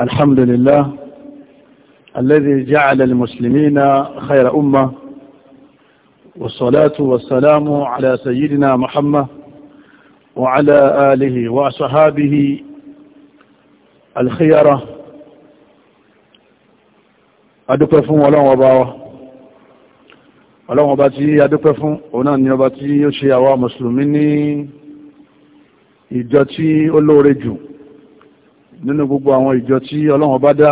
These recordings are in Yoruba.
الحمد لله الذي جعل المسلمين خير أمة والصلاة والسلام على سيدنا محمد وعلى آله وصحابه الخيرة adúpẹ́ fún ọlọ́run ọba wa ọlọ́run ọba tí adúpẹ́ fún òun náà ni ọba tí ó ṣe àwa mùsùlùmí ní ìjọ tí ó lóore jù nínú gbogbo àwọn ìjọ tí ọlọ́run bá dá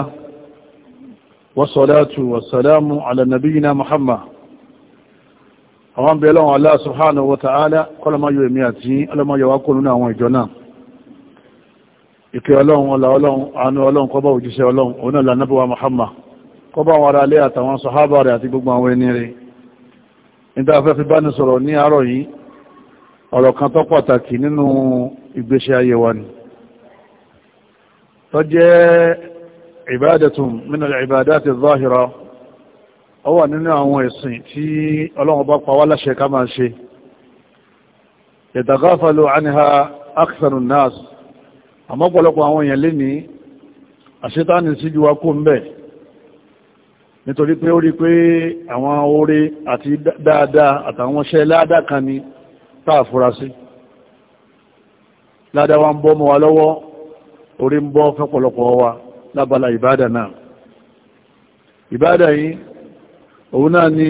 wassalatu wassalamu ala nabiyina muhammad àwọn bẹ̀rẹ̀ lọ́wọ́ Allah subhanahu wa ta'ala kọlọmọ́yọ èmì àti ọlọ́mọ́yọ wá kónú àwọn ìjọ náà ìkẹ́ ọlọ́run ọlá ọlọ́run àánú ọlọ́run kọba òjíṣẹ́ ọlọ́run òun náà lànàbíwá muhammad kọba àwọn ará ilé àtàwọn sọ̀hábà rẹ̀ àti gbogbo àwọn ẹni rẹ̀ nígbà afẹ́ bá ní sọ̀rọ̀ ní àárọ̀ yìí ọ̀rọ̀ kan tó pàtàkì nínú ìgbésẹ̀ ayé wa ni tó jẹ́ ìbádẹ̀tún min al-ibadati adh-dhahira ó wà nínú àwọn ẹ̀sìn tí Ọlọ́run bá pa wá láṣẹ ká máa ṣe yataghafalu anha aktharu an-nas àmọ́ pọ̀lọpọ̀ àwọn èèyàn lé ní àṣetáni síjú wa kó ń bẹ̀ nítorí pé ó rí pé àwọn oore àti dáadáa àtàwọn iṣẹ́ ládàá kan ni táà fura wa ń bọ́ mọ́ wa lọ́wọ́ orí ń bọ́ fọ́pọ̀lọpọ̀ wa lábala ìbádà náà ìbádà yìí òun náà ni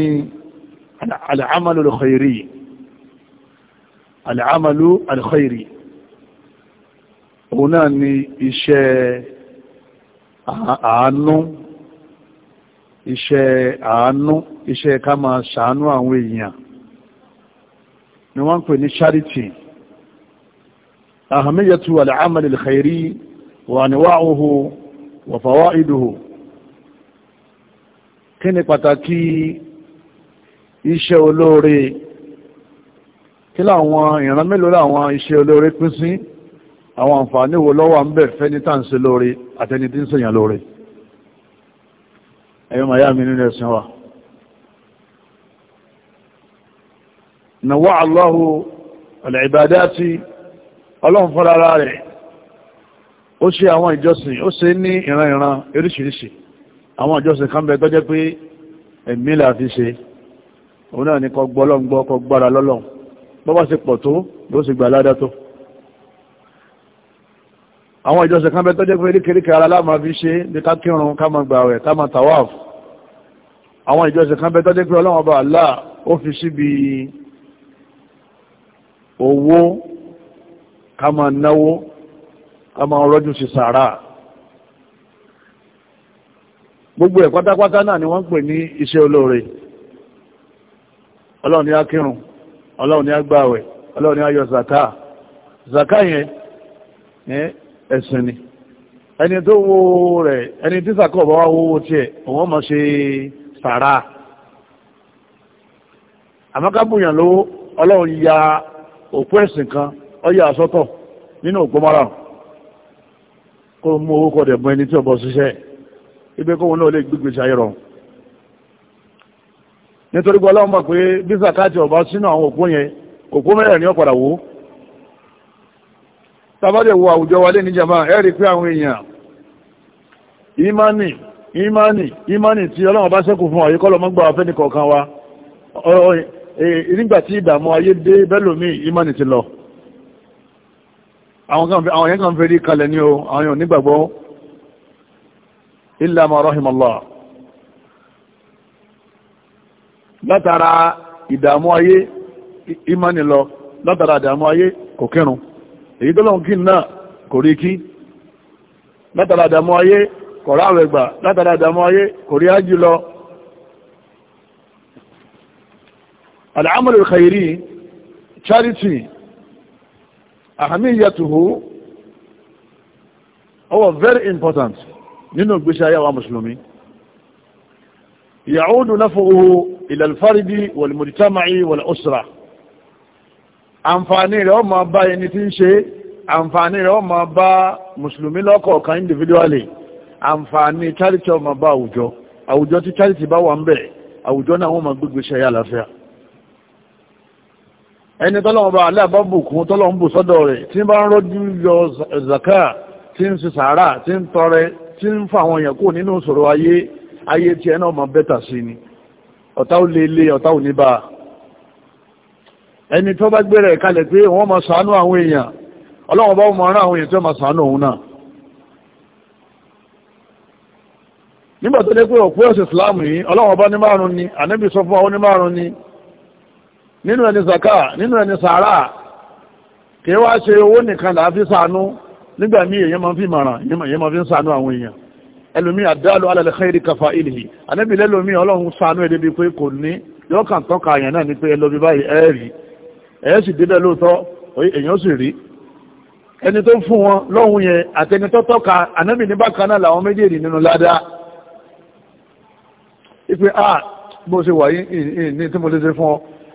al'amalu al-khairi al'amalu al-khairi òun náà ni iṣẹ́ àánú iṣẹ́ àánú iṣẹ́ ká máa ṣàánú àwọn èèyàn ni wọ́n pè ní charity ahamiyyatu al'amal al وأنواعه وفوائده kí ni pàtàkì iṣẹ́ olóore kí láwọn ìran mélòó láwọn iṣẹ́ olóore pín sí àwọn àǹfààní wo ló wà ń bẹ̀ fẹ́ni tá ń ṣe lóore àtẹni tí ń ṣèyàn lóore ẹ̀yọ́ màá mi nínú na wa nàwọ́ Allahu al-ibadati ọlọ́run fọ́lára rẹ̀ ó ṣe àwọn ìjọsìn ó ṣe ní ìran ìran oríṣiríṣi àwọn ìjọsìn kan bẹ tọ́jẹ́ pé ẹ̀mí là fi ṣe òun náà ni kọ gbọ́ lọ́n gbọ́ kọ gbára lọ́lọ́n bọ́ bá ṣe pọ̀ tó ló sì gbà ládá tó àwọn ìjọsìn kan bẹ tọ́jẹ́ pé eríkèríkè ara láàmà fi ṣe ní ká kírun ká máa gbààwẹ̀ ká máa tawaf àwọn ìjọsìn kan bẹ tọ́jẹ́ pé ọlọ́wọ́n bá Allah ó fi síbi owó ká máa náwó ká máa rọ́jú sí sàárà gbogbo ẹ̀ pátápátá náà ni wọ́n ń pè ní iṣẹ́ olóore ọlọ́run ni a kírun ọlọ́run ni a gbààwẹ̀ ọlọ́run ni a yọ zaka zaka yẹn ẹ̀sìn ni ẹni tó wo rẹ̀ ẹni tí sàkọ̀ bá wá wọ́wọ́ tiẹ̀ òun máa ṣe sàárà àmọ́kábùyàn lówó ọlọ́run ya òkú ẹ̀sìn kan ó yà sọ́tọ̀ nínú òpó márùn-ún kó mú owó kọ̀dẹ̀ mọ́ ẹni tí ọbọ̀ ṣiṣẹ́ ibẹ́ kóhun náà lè gbígbèsè ayọ̀rọ̀ nítorí pé ọlọ́run mọ̀ pé bí sàkáàtì ọba sínú àwọn òpó yẹn òpó mẹ́rẹ̀ẹ̀rin ní ọ̀padà wò tàbádẹ̀ wo àwùjọ wa lé ní jama ẹ̀rí pé àwọn èèyàn ìmánì ìmánì ìmánì tí ọlọ́run bá sẹ́kù fún àyíkọ́ lọ́mọ́ gbà wá fẹ́ni kọ̀ọ̀kan wa nígbà tí ìdààmú ayé dé bẹ́lòmíì ìmánì ti lọ àwọn yẹn kan fẹ́rí kalẹ̀ ní o àwọn yẹn nígbàgbọ́ illa ma rahimallah látara ìdààmú ayé ìmáni lọ látara ìdààmú ayé kò kírun èyí tó lọ́n kí náà kò rí kí látara ìdààmú ayé kò ráwẹ̀ gbà látara ìdààmú ayé kò rí ájú lọ al-amal charity ahamiyatuhu ọwọ́ very important nínú gbéṣẹ́ ayáwà mùsùlùmí yàúdù náfòhù ìlàlfàrídì wàlmùdítàmáì wàlúsra àǹfààní rẹ̀ ó máa bá ẹni tí ń ṣe àǹfààní rẹ̀ ó máa bá mùsùlùmí lọ́kọ̀ọ̀kan individually àǹfààní charity ó máa bá àwùjọ àwùjọ tí charity bá wà ń bẹ̀ àwùjọ náà wọ́n máa gbégbéṣẹ́ ayá àlàáfíà ẹni tọ́lọ́wọ́n bá aláàbá bùkún tọ́lọ́wọ́n bù sọ́dọ̀ rẹ̀ tí bá ń rọ́jú yọ tí ń ṣe sàárà tí ń tọrẹ tí ń fa àwọn èèyàn kú nínú ìṣòro ayé ayé tí ẹ náà mọ̀ sí ni ọ̀tá ò lè lé ọ̀tá ò ní bá ẹni tó bá kalẹ̀ pé wọ́n àwọn èèyàn bá mọ̀ rán àwọn èèyàn tó òun náà nígbà tó dé pé òpó ọ̀sẹ̀ ni sọ fún ni nínú ẹni zaka nínú ẹni sàárà kí wá ṣe owó nìkan là á fi ṣàánú nígbà míì èyàn máa fi mọ̀ràn èyàn máa fi ń ṣàánú àwọn èèyàn ẹlòmí àdáàlú ala al-khayri kafa'ilihi ànábì lẹ́lòmí ọlọ́run ṣàánú ẹ̀dẹ́ bíi pé kò ní yóò kàn tọ́ka àyàn náà ni pé ẹlòmí báyìí ẹ rí ẹ sì débẹ̀ lóòótọ́ èyàn sì rí ẹni tó fún wọn lọ́hùn yẹn àtẹni tó tọ́ka ànábì ní bákan náà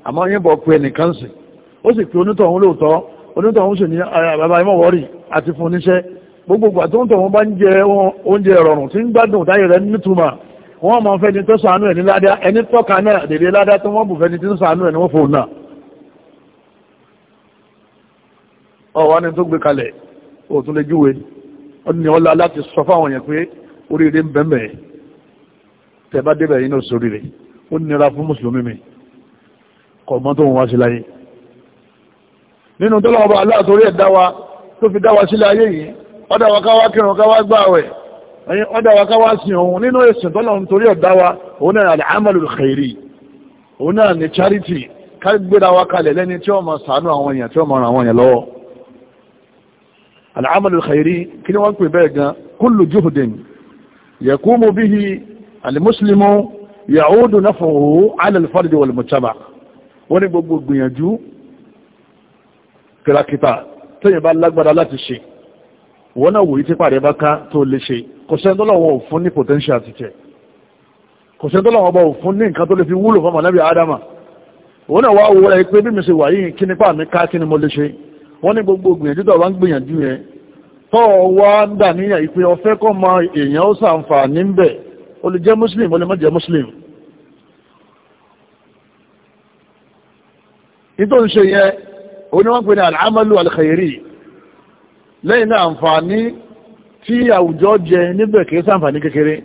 àmọ́ yín bọ̀ pé ẹnìkan sì ó sì pé onítọ̀hún lóòótọ́ onítọ̀hún sì ní bàbá ìmọ̀ wọ́rì àti fún oníṣẹ́ gbogbo ìgbà tó ń tọ̀hún bá ń jẹ oúnjẹ rọrùn tí ń gbádùn táyé rẹ nítumà wọ́n máa ń fẹ́ni tó sànú ẹ̀ ní ládá ẹni tọ́ka náà dèrè ládá tó wọ́n bù fẹ́ni tó sànú ẹ̀ ní wọ́n fòun náà ọ̀wá ni tó gbé kalẹ̀ òtún lè júwe ọdún ọlá láti sọ fáwọn èèyàn pé oríire ń bẹ̀m̀bẹ̀ tẹ̀ bá débẹ̀ yìí náà sóríire ó nira fún mùsùlùmí mi kọ̀gbọ́n tó ń wá sí láyé nínú tó lọ́wọ́ Allah torí ẹ̀ dáwa tó fi dáwa sílẹ̀ ayé yìí ọ̀dà wa káwá kírun káwá gbààwẹ̀ ọ̀dà wa káwá sin òun nínú ẹ̀sìn tó lọ́wọ́ torí ẹ̀ dáwa òun náà al-amalul khairi òun náà ní charity ká gbéra wa kalẹ̀ lẹ́ni tí ó máa ṣàánú àwọn èèyàn tí ó máa ràn àwọn èèyàn lọ́wọ́ al khairi kí ni wọ́n pè bẹ́ẹ̀ gan kullu juhdin yaqumu bihi al-muslimu ya'udu naf'uhu 'ala al wọ́n ní gbogbo gbìyànjú kìràkìtà tẹ́yìn bá lágbára láti ṣe wọ́n náà wòye tí pàdé bá ká tó lè ṣe kò ò fún ní potential ti tẹ̀ kò sẹ́ni tọ́lọ́wọ́ bá ò fún ní nǹkan tó lè fi wúlò fún mọ̀lẹ́bí ádámà wọ́n náà wá wo rẹ̀ ni mo lè ṣe wọ́n ní gbogbo muslim nítorí ń ṣe yẹn oníwọ̀n pè ní al'amalu alkhairi lẹ́yìn náà àǹfààní tí àwùjọ jẹ níbẹ̀ kìí sàǹfààní kékeré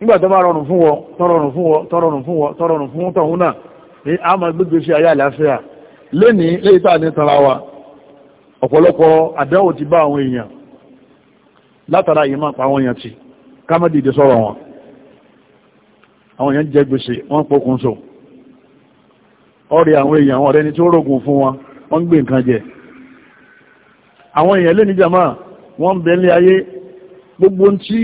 nígbà tó bá rọrùn fún wọ tọrọrùn fún wọ tọrọrùn fún wọ tọrọrùn fún tọ̀hún náà ní a máa gbégbé sí ayé àlàáfíà lẹ́nìí lẹ́yìn tàà ní tara wa ọ̀pọ̀lọpọ̀ àdánwò ti bá àwọn èèyàn látara yìí máa pa àwọn èèyàn ti ká má dìde sọ́rọ̀ wọn àwọn èèyàn jẹ gbèsè wọ́n pokùn so ọrịa àwọn èèyàn ọ̀rẹ́ ni tí ó rògùn fún wọn wọ́n ń gbé nǹkan jẹ àwọn èèyàn lè ní jama wọ́n ń bẹ ní ayé gbogbo tí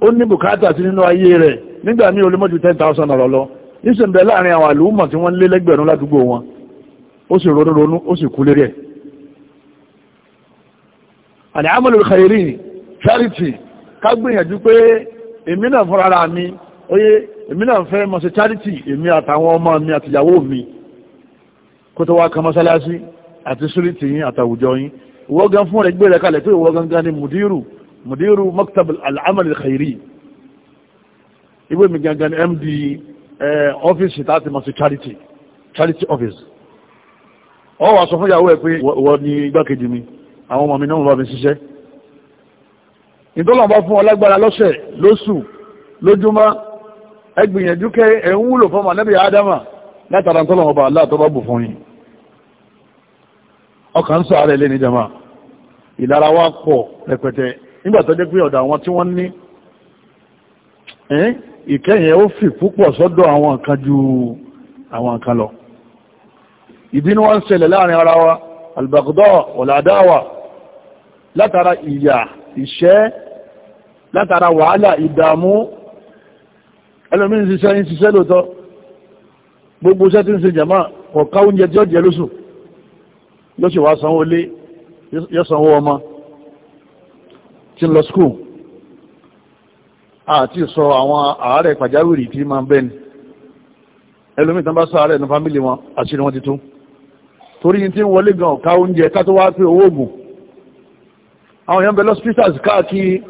ó ní bùkátà sí nínú ayé rẹ̀ nígbà míì ó lè ọ̀rọ̀ lọ láàrin àwọn àlùmọ̀ tí wọ́n lé lẹ́gbẹ̀rún ládùúgbò wọn ó sì ronú ronú ó sì kú lérí ẹ̀ àní charity ká gbìyànjú pé kó tó wá kan mọ́sálásí àti súrìtì yín àtàwùjọ yín ìwọ gan fún rẹ̀ gbéra kalẹ̀ pé ìwọ gangan ni mùdírù mùdírù maktab al-amal al-khairi ìwé mi gangan ni md ọ́fíìsì láti mọ̀ sí charity charity office ọ wà sọ fún ìyàwó ẹ̀ pé wọ́n ní igbákejì mi àwọn ọmọ mi náà bá mi ṣiṣẹ́ ìtọ́lọ̀ bá fún ọlágbára lọ́sẹ̀ lóṣù lójúmọ́ ẹgbìyànjú kẹ́ ẹ̀ ń wúlò fọ́mọ nẹ́bí ádámà látara tọ́lọ̀ ọba aláàtọ́ bá bù fún yìí ọkàn sáré lé ní jama ìlara wa pọ̀ rẹpẹtẹ nígbà tó jẹ́ pé ọ̀dọ̀ àwọn tí wọ́n ní ìkẹyìn ó fi púpọ̀ sọ́dọ̀ àwọn nǹkan ju àwọn nǹkan lọ ìbínú wọn ṣẹlẹ̀ láàrin ara wa albagdọ́ ọ̀làdáwà látara ìyà ìṣẹ́ látara wàhálà ìdààmú ẹlòmí ṣiṣẹ́ ń ṣiṣẹ́ lóòtọ́ gbogbo iṣẹ́ tí ń ṣe jàmá ọ̀ká oúnjẹ tí ó jẹ lóṣù yóò sì wá sanwó lé yóò sanwó ọmọ tí ń lọ skúù àti sọ àwọn àárẹ̀ pàjáwìrì tí máa ń bẹ́ni ẹlòmí tán bá sáàrẹ̀ ní fámílì wọn àṣírí wọn ti tó torí tí ń wọlé gan ọ̀ká oúnjẹ ká tó wá pé owó ògùn àwọn èèyàn bẹ̀lọ́ spíṣàs káàkiri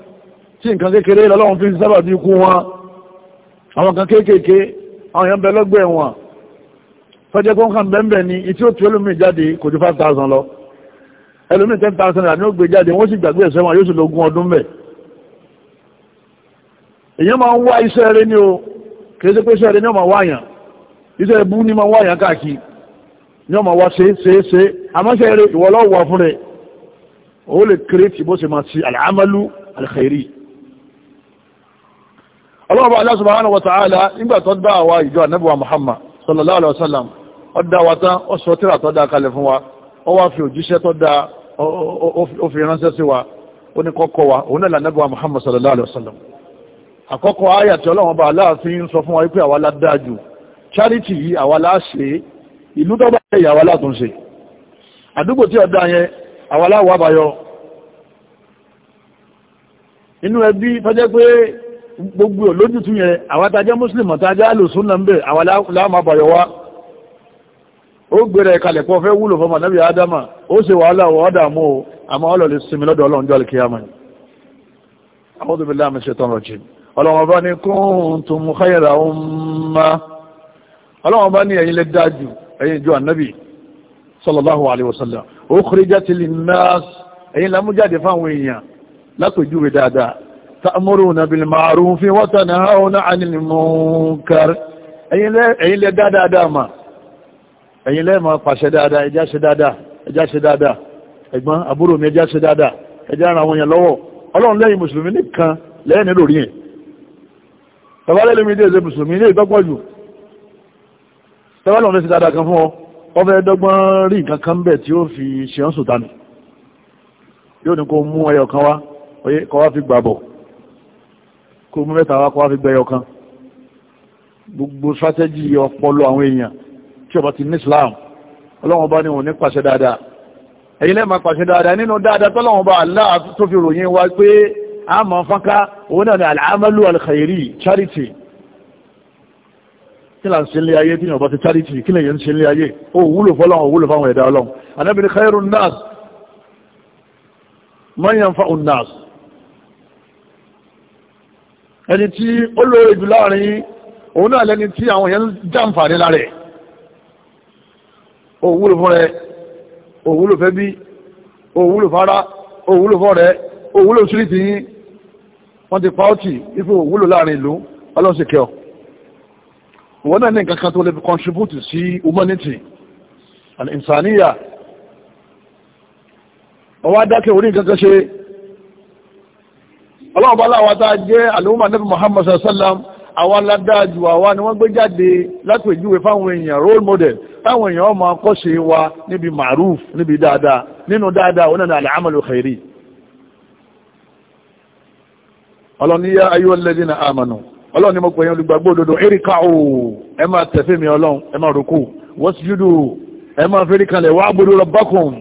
tí nǹkan kékeré lọ́lọ́run fi sábà bí ikú wọn àwọn kan kéékèèké àwọn èèyàn bẹ̀lọ́gbẹ̀ wọn tọ́jẹ́ kó ń kàn bẹ́ẹ̀bẹ́ẹ̀ ni ìtí ó tí olómi jáde kò ju 5,000 lọ ẹlòmí 10,000 rà ní ó gbé jáde wọ́n sì gbàgbé ẹ̀sẹ̀ wọn yóò sì lógún ọdún mẹ́ èyàn máa ń wá iṣẹ́ rẹ ní o kìí ṣe pé iṣẹ́ rẹ ní ọmọ wáyàn iṣẹ́ ẹbú ní máa wáyàn káàkiri ní ọmọ wá ṣe ṣe ṣe àmọ́ṣẹ́ rẹ ìwọ lọ́wọ́ wà fún rẹ ó lè kéré tí bó ṣe máa ṣe al-amalu al-khairi Allah subhanahu wa ta'ala nígbà tó dá àwa ìjọ ànábì Muhammad sallallahu alaihi wasallam ọdá wa tán ó sọ tíra tó dá kalẹ̀ fún wa ó wá fi òjíṣẹ́ tó dá ó fi ránṣẹ́ sí wa ó ní kọ́kọ́ wa òun náà lànàgbà Muhammad sallallahu alaihi wasallam àkọ́kọ́ ayà tí ọlọ́wọ́n bá aláàfin sọ fún wa wípé àwa ládájú charity yìí àwa láṣe ìlú tó bá yẹ àwa látúnṣe àdúgbò tí ọ̀dá yẹn àwa láwọ̀ àbáyọ inú ẹbí tọ́jẹ́ pé gbogbo olójútú yẹn àwa tajẹ́ muslim tajẹ́ alùsùn náà ń bẹ̀ àwa wa ó gbèrè ìkalẹ̀ pọ̀ fẹ́ wúlò fọmọ náàbí adama ó sì wàhálà wọ́dà mú o àmọ́ ọlọ́lẹ̀ sinmi lọ́dọ̀ ọlọ́njọ́ alkiyama ni a'udhu billahi minash shaitanir rajim ọlọ́wọ́n bá ní kuntum khayra umma ọlọ́wọ́n bá ní ẹ̀yin lè dájú ẹ̀yin jọ annabi sallallahu alaihi wasallam ukhrijat linnas ẹ̀yin lámújáde fáwọn èèyàn lápèjúwe dáadáa ta'muruna máa ẹ̀yin lẹ́ẹ̀mọ́ pàṣẹ dáadáa ẹjá ṣe dáadáa ẹjá ṣe dáadáa ẹ̀gbọ́n àbúrò mi ẹjá ṣe dáadáa ẹjá ara àwọn èèyàn lọ́wọ́ ọlọ́run lẹ́yìn mùsùlùmí nìkan lẹ́yìn nílò rí yẹn tọ́ba lẹ́lẹ́mí dé ṣe mùsùlùmí ní ìtọ́pọ̀ jù tọ́ba lọ́run ṣe dáadáa kan fún ọ wọ́n fẹ́ dọ́gbọ́n rí nǹkan kan bẹ̀ tí ó ní kó mú tí ọba ti ní islam ọlọ́wọ́n bá ní òun ní pàṣẹ dáadáa ẹ̀yin lẹ́ẹ̀ma pàṣẹ dáadáa nínú dáadáa tọ́lọ́wọ́n bá Allah tó fi ròyìn wa pé a mọ̀ fánká òun náà ni al'amalu alkhairi charity kí là ń ṣe lé ayé tí yàn bá ti charity kí lè yẹn ń ṣe lé ayé ó wúlò fọ́lọ́wọ́n wúlò fáwọn ẹ̀dá ọlọ́run anábìnrin khairun nas man yanfa'un nas ẹni tí ó lóore jù láàrin òun náà lẹni tí àwọn yẹn jàǹfààní lára òwúlò fún rẹ òwúlò fẹ́ bí òwúlò fara òwúlò fọ́ rẹ òwúlò síríìtì yín wọ́n ti pa ọ́ tì ife òwúlò láàrin ìlú ọlọ́sìn kẹ́ ọ wọ́n náà ní nǹkan kan tó lè fi contribute sí humanity and insaniya ọwọ́ adákẹ́ orí nǹkan kan ṣe ọlọ́ọ̀bá láwọn tá a jẹ́ àlùmọ́ nabi Muhammad sallallahu alaihi wa sallam àwa ládáa jù àwa ni wọ́n gbé jáde látòjúwe fáwọn èèyàn role model táwọn èèyàn ọmọ akọ́ṣe wa níbi maruf níbi dáadáa nínú dáadáa onáni al-amalu khairi ọlọ́ni yá ayé alladhina amanu ọlọ́run ni mo pè yẹn olùgbàgbọ́ òdodo erika o ẹ máa tẹ̀fẹ́ mi ọlọ́run ẹ máa rúkú wasjudu ẹ máa fẹ́rí kalẹ̀ wa'budu rabbakum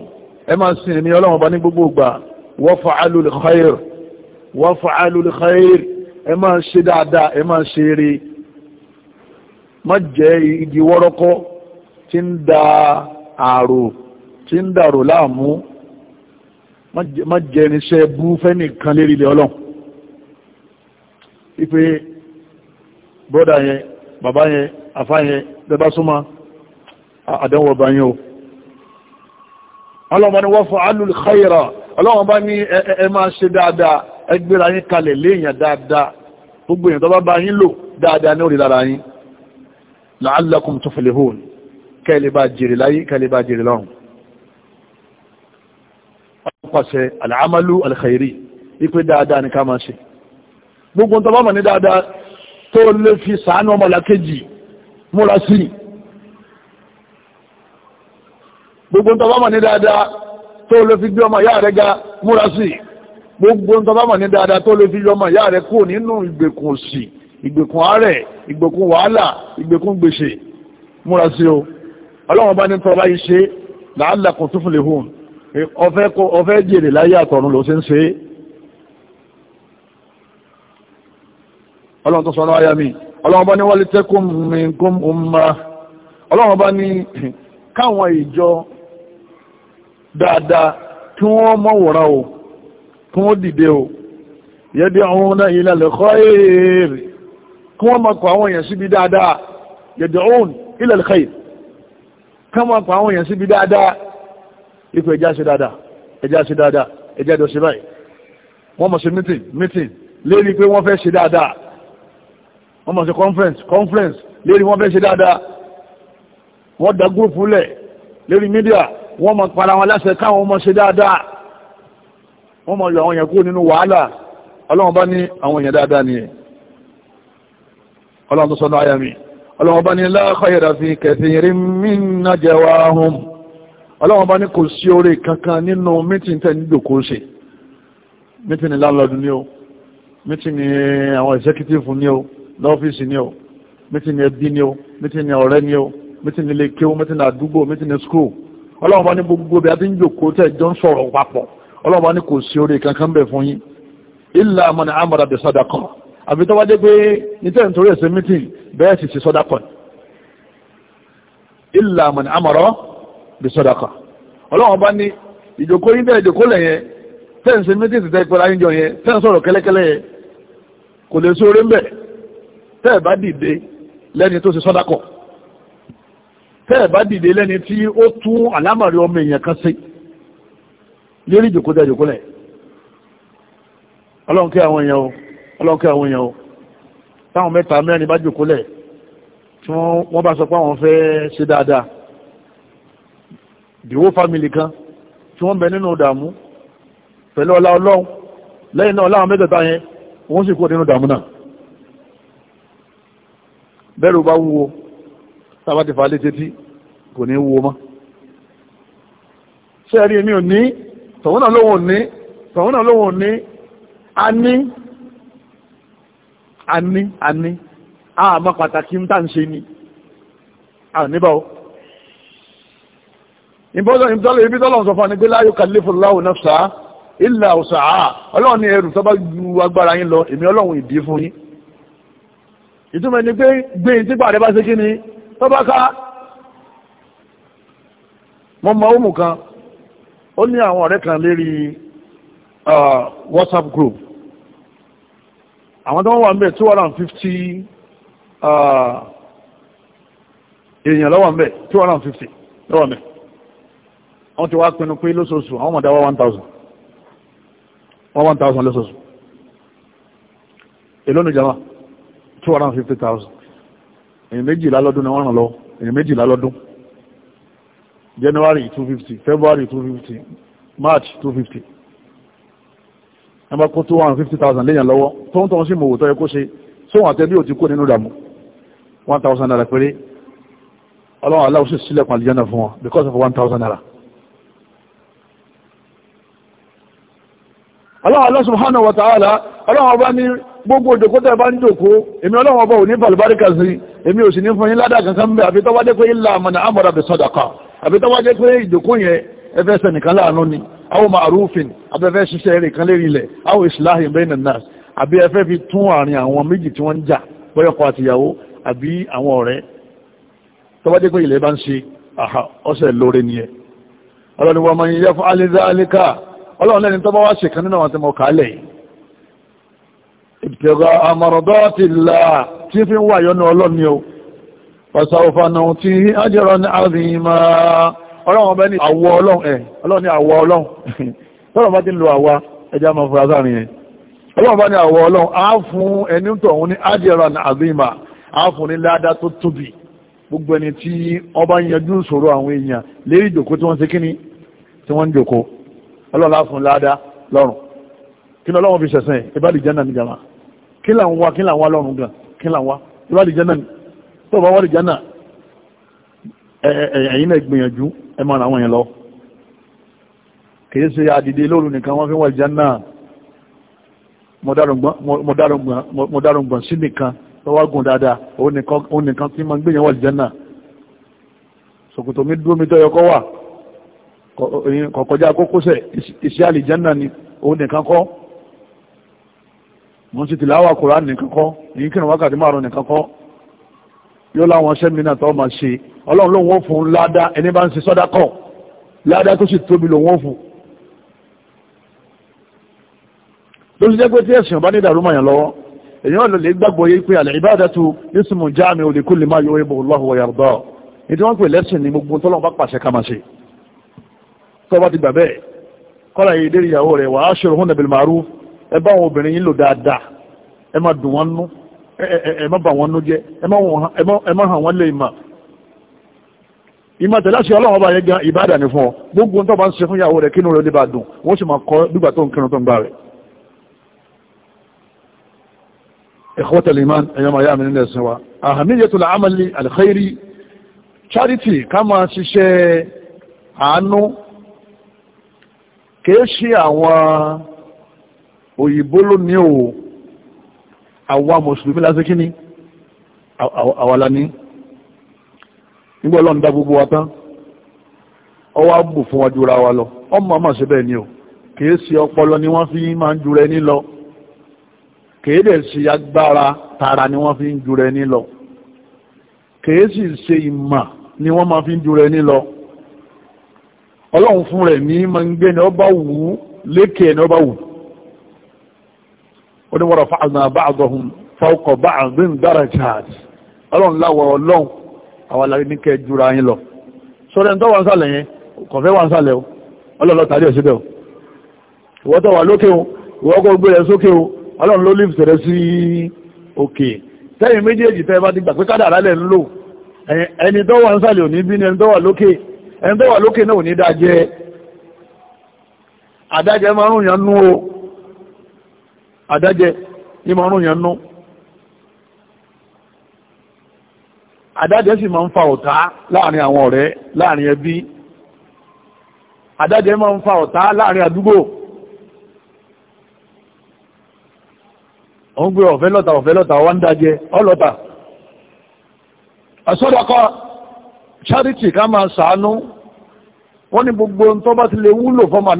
ẹ máa sin mi ọlọ́run ọba ní gbogbo ìgbà waf'alul khair waf'alul khair ẹ máa ṣe dáadáa ẹ máa ṣe eré má jẹ́ igi wọ́rọ́kọ́ tí ń da àrò tí ń dàrò láàmú má jẹ́ irinṣẹ́ bú fẹ́nìkan lérí ilẹ̀ ọlọ́run ipe bọ́dà yẹn bàbá yẹn àfá yẹn bẹba súnmọ́ àdánwò bá yẹn o ọlọ́run bá ní wọ́n fọ́ alùlù khayra ọlọ́run bá ní ẹ máa ṣe dáadáa ẹgbẹ́ra yín kalẹ̀ léèyàn dáadáa gbogbo èèyàn tó bá bá yín lò dáadáa ní orí lára yín la'allakum tuflihun kẹ́lẹ̀ bá jèrè láyé kẹ́lẹ̀ bá jèrè lọ́run pàṣẹ al'amalu alkhairi ipé dáadáa ní ká máa ṣe gbogbo tó bá mọ̀ ní dáadáa tó lè fi sàánú ọmọlàkejì múra sí gbogbo tó bá mọ̀ ní dáadáa tó lè fi gbé ọmọ yáà rẹ̀ ga múra sí gbogbo ń tọ́bá mọ̀ ní dáadáa tó lè fi yọmọ ìyá rẹ̀ kúrò nínú ìgbèkùn òṣì ìgbèkùn àárẹ̀ ìgbèkùn wàhálà ìgbèkùn gbèsè múra sí o ọlọ́wọ́n bá ní tọ́ba yìí ṣe làálà kò tún fúnlẹ̀ hùn ọ̀fẹ́ jèrè láyé àtọ̀run ló ṣe ń ṣe ọlọ́wọ́n tó sọ ọ́nà mi ọlọ́wọ́n bá ní wálé tẹ́kùn mi kún umma ọlọ́wọ́n bá ní káwọn ìjọ dáadáa kí wọ́n mọ̀wòrán o kún ó dìde o yẹ́dí àwọn ọ̀nà ilẹ̀ lẹ́kọ́ èèrè kí wọ́n máa kọ àwọn èèyàn síbi dáadáa yẹ̀dẹ̀ òun ilẹ̀ lẹ́kọ́ yìí kí wọ́n máa kọ àwọn èèyàn síbi dáadáa ipò ẹja ṣe dáadáa ẹja ṣe dáadáa ẹja ẹjọ ṣe báyìí wọ́n máa ṣe meeting meeting lérí pé wọ́n fẹ́ ṣe dáadáa wọ́n máa ṣe conference conference lérí wọ́n fẹ́ ṣe dáadáa wọ́n da gúrùpù lẹ̀ lérí mídíà wọ́n máa para wọn láṣẹ káwọn máa ṣe dáadáa wọ́n mọ̀ yọ àwọn èèyàn kúrò nínú wàhálà ọlọ́run bá ní àwọn èèyàn dáadáa ni ọlọ́run tó sọ náà ayami ọlọ́run bá ní la khayra fi kathirin min najwahum ọlọ́run bá ní kò sí oore kankan nínú mítìn tẹ́ nídòkó ṣe mítìn ní landlord ni o mítìn ní àwọn executive ni o lọ́fíìsì ni jòkó ọlọ́ọ̀bá ní kò sí orí kankan bẹ̀ fún yín illa man amara bi sadaqa àfi tó wá dé pé nítẹ̀ nítorí ẹ̀sẹ̀ mítìn bẹ́ẹ̀ sì sí sadaqa illa man amara bi sadaqa ọlọ́ọ̀bá ní ìjòkó yín bẹ́ẹ̀ ìjòkó lẹ̀yẹn tẹ́ǹsẹ̀ mítìn ti tẹ́ẹ̀pẹ́ láyínjọ yẹn tẹ́ǹ sọ̀rọ̀ kẹ́lẹ́kẹ́lẹ́ yẹn kò lè sí orí ń bẹ̀ tẹ́ẹ̀ bá dìde lẹ́ni tó sì sadaqa tẹ́ẹ̀ bá dìde lẹ́ni tí ó tún àlámàrí ọmọ èèyàn kan sí lérí ìjòkóta ìjòkólẹ̀ ọlọ́nkẹ́ àwọn èèyàn o ọlọ́nkẹ́ àwọn èèyàn o táwọn mẹ́ta mẹ́rin bá jòkólẹ̀ tí wọ́n bá sọ pé àwọn fẹ́ ṣe dáadáa dìwó fámìlì kan tí wọ́n bẹ nínú ìdààmú pẹ̀lú ọlá ọlọ́run lẹ́yìn náà láwọn mẹ́tẹ̀ẹ̀ta yẹn wọ́n sì kúrò nínú ìdààmú náà bẹ́rù bá wúwo tábà ti fà kò ní wúwo mọ́ sẹ́ẹ̀rí mi ò ní tọ̀hún náà lóhun ní tọ̀hún náà lóhun ní a ní a ní a ní a àmọ́ pàtàkì ń tà ń ṣe ni a níbà ó ìbọ́lọ̀ ibi tọ́lọ̀ sọ fún anígbé la yukallifu Allahu nafsa illa wus'aha ọlọ́run ní ẹrù tọ́bá ju agbára yín lọ èmi ọlọ́run ìdí fún yín ìtumọ̀ ni pé kan ó ní àwọn ọ̀rẹ́ kan lérí whatsapp group àwọn tó wà ń bẹ̀ 250 èèyàn lọ́wọ́ ń bẹ̀ 250 lọ́wọ́ ń bẹ̀ wọ́n ti wá pinnu pé lóṣooṣù àwọn ọmọdé wá 1000 wọ́n 1000 lóṣooṣù èló ní jama 250,000 èèyàn méjìlá lọ́dún ni wọ́n ràn lọ èèyàn méjìlá lọ́dún January 250 February 250 March 250 ẹmọ kó 250,000 léyàn lọ́wọ́ tó ń tọ́ sí mòwò tọ́ ẹkó ṣe sóhun àtẹ́bí ò ti kó nínú ìdàmú 1,000 naira péré ọlọ́run aláwọ̀ sí sílẹ̀kùn àlìjánà fún wọn because of 1,000 naira ọlọ́run Allah subhanahu wa ta'ala ọlọ́run ọba ní gbogbo òjòkótẹ́ bá ń jòkó èmi ọlọ́run ọba ò ní bàlùbáríkà sí èmi ò sì ní fún yín ládàá kankan bẹ́ẹ̀ àfi tọ́wádé pé ilà àmọ̀nà àmọ̀ràn bẹ̀ sọ́dàkà àbí tó wá jẹ́ pé ìjòkó yẹn ẹfẹ́ sẹnìkan láàánú ni àwọn ma'arufin abẹ́fẹ́ ṣiṣẹ́ rẹ̀ kan lérí ilẹ̀ àwọn islahin bẹ́ẹ̀ nàá àbí ẹfẹ́ fi tún àárín àwọn méjì tí wọ́n ń jà bọ́yọ̀kọ àtìyàwó àbí àwọn ọ̀rẹ́ tó wá jẹ́ pé ilẹ̀ bá ń ṣe ọ̀sẹ̀ lóore ni ẹ ọlọ́ni wọ́n máa ń ọ̀sàwòfà náà tí ájẹ́rọ ní àzìmá ọlọ́run ọbẹ̀ ní àwọ ọlọ́run ẹ̀ ọlọ́run ní àwọ ọlọ́run tọ́rọ bá ti ń lo àwa ẹja máa fura sáàrin yẹn ọlọ́run bá ní àwọ ọlọ́run á fún ẹni tó òun ní ájẹ́rọ ní àzìmá á fún ní ládá tó tóbi gbogbo ẹni tí ọba ń yanjú ìṣòro àwọn èèyàn lérí ìjòkó tí wọ́n ṣe kíni tí wọ́n ń jòkó ọlọ́run á ládá lọ́rùn kí tó bá wọ́lì jẹ́nà ẹ̀yìn náà gbìyànjú ẹ máa ràwọn èèyàn lọ kìí ṣe àdìdè lóòrùn nìkan wọ́n fi wọ́lì jẹ́nà mọ̀dárùngbọ̀n sí nìkan lọ́wọ́gùn dáadáa òun nìkan tí máa gbìyàn wọ́lì jẹ́nà ṣòkòtò mi dúró mi tó yọkọ́ wà kọ̀kọ́já kókósẹ̀ iṣẹ́ àlìjẹ́nà ni òun nìkan kọ́ wọ́n sì tìláwà kòrán nìkan kọ́ èyí kìrìn wákàtí márùn nìkan kọ́ yóò láwọn sẹ́mínà tó máa ṣe ọlọ́run lòun ó fún ládá ẹni bá ń ṣe sọ́dá kọ̀ ládá tó sì tóbi lòun ó fún ló sì jẹ́ pé tí ẹ̀sìn ọba ní ìdàrúmọ̀ yàn lọ́wọ́ èyàn lè lè gbàgbọ́ yé pé al-ibadatu ismun jami'un li kulli ma yuhibbu Allahu wa yarda ní tí wọ́n pè lẹ́sìn ní gbogbo tọ́lọ́run bá pàṣẹ ká máa ṣe tó bá wa ashiruhunna bil ma'ruf ẹ bá àwọn obìnrin yìí lò ẹ má bà wọn nú jẹ́ ẹ má hàn wọ́n lè mà ìmọ̀ tẹ̀láṣẹ ọlọ́run ọba yẹn gan ìbádà ní fún ọ gbogbo tó bá ń ṣe fún ìyàwó rẹ̀ kínú rẹ̀ lè bá dùn wọ́n sì máa kọ́ nígbà tó ń kírun tó ń gbà rẹ̀ ikhwata al àwa mùsùlùmí lásì kí ni àwa la ní nígbà ọlọ́run dá gbogbo wa tán ọwọ́ àbù fún wa jura wa lọ ọmọ ọmọ sí bẹ́ẹ̀ ni o kìí sí ọpọlọ ni wọ́n fi máa ń jura ẹni lọ kìí dẹ̀ sí agbára tara ni wọ́n fi ń jura ẹni lọ kìí sì ṣe ìmà ni wọ́n máa fi ń jura ẹni lọ ọlọ́run fún rẹ̀ ní máa ń gbé ni ọba wù ú lékè ni ọba wù ú ó ní wọ́n rafa'na ba'dahum fawqa ba'din darajat ọlọ́run láwọ̀ ọlọ́run àwọn alárí ní kẹ jura yín lọ sọ́rọ̀ ẹni tó wà ń sàlẹ̀ yẹn wà ń sàlẹ̀ o ọlọ́run o tó wà lókè o ìwọ́ gbé rẹ̀ sókè o ọlọ́run ló sí òkè tẹ́yìn méjèèjì tẹ́ bá ti gbà pé lẹ̀ ń lò ẹni tó wà ń sàlẹ̀ bí ẹni tó wà lókè ẹni tó wà lókè náà àdájẹ́ ní ma rún yẹn nú sì ma ń fa ọ̀tá láàrin àwọn ọ̀rẹ́ láàrin ẹbí àdájẹ́ ma ń fa ọ̀tá láàrin àdúgbò òun gbé ọ̀fẹ́ lọ́ta ọ̀fẹ́ lọ́ta wá ń ọlọ́ta àsọ́dọ̀kọ́ charity ká sàánú wọ́n ní gbogbo tó bá ti lè wúlò fọ́mà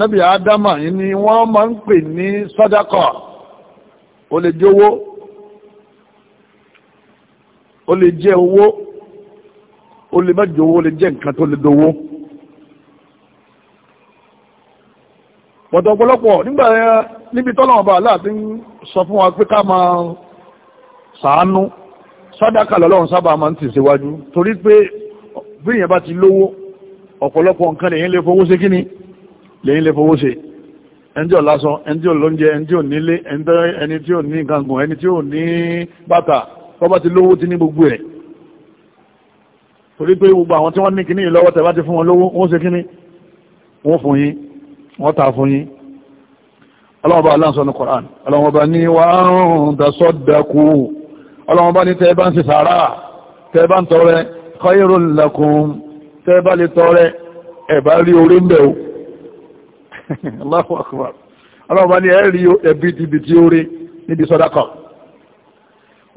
wọ́n ó lè jẹ́ owó ó lè jẹ́ owó ó lè má jẹ́ owó ó lè jẹ́ nǹkan tó lè dowó. pọ̀tọ̀ ọ̀pọ̀lọpọ̀ nígbà níbi tọ́lọ̀ ọba aláàbí ń sọ fún wa pé ká máa sàánú sádàkà lọ́lọ́run sábà máa ń tì síwájú torí pé bí èèyàn bá ti lówó ọ̀pọ̀lọpọ̀ nǹkan lèyìn lè fowó ṣe kíni lèyìn lè fowó ṣe ẹni tí ò lásán ẹni tí ò lóúnjẹ ẹni tí ò nílé ẹni tí ò ní nǹkan gùn ẹni tí ò ní bàtà tọ́ba ti lówó ti ní gbogbo ẹ̀ torí pé gbogbo àwọn tí wọ́n ní kíní yìí lọ́wọ́ tẹ̀ ti fún wọn lówó wọ́n ṣe kíní wọ́n fún yín wọ́n ta fún yín ọlọ́wọ́ba aláǹsọ́nù Qur'an ọlọ́wọ́ba ní wà áhùn dasọ́dakú ọlọ́wọ́ba ní tẹ́ẹ̀bá ń ṣe sàárà tẹ́ẹ̀bá lakum tẹ́ẹ̀bá lè tọrẹ ẹ̀bá Allahu akbar ọlọ́run bá ní ẹ̀rí ẹbí ibi tí ó rí níbi sọ́dákọ̀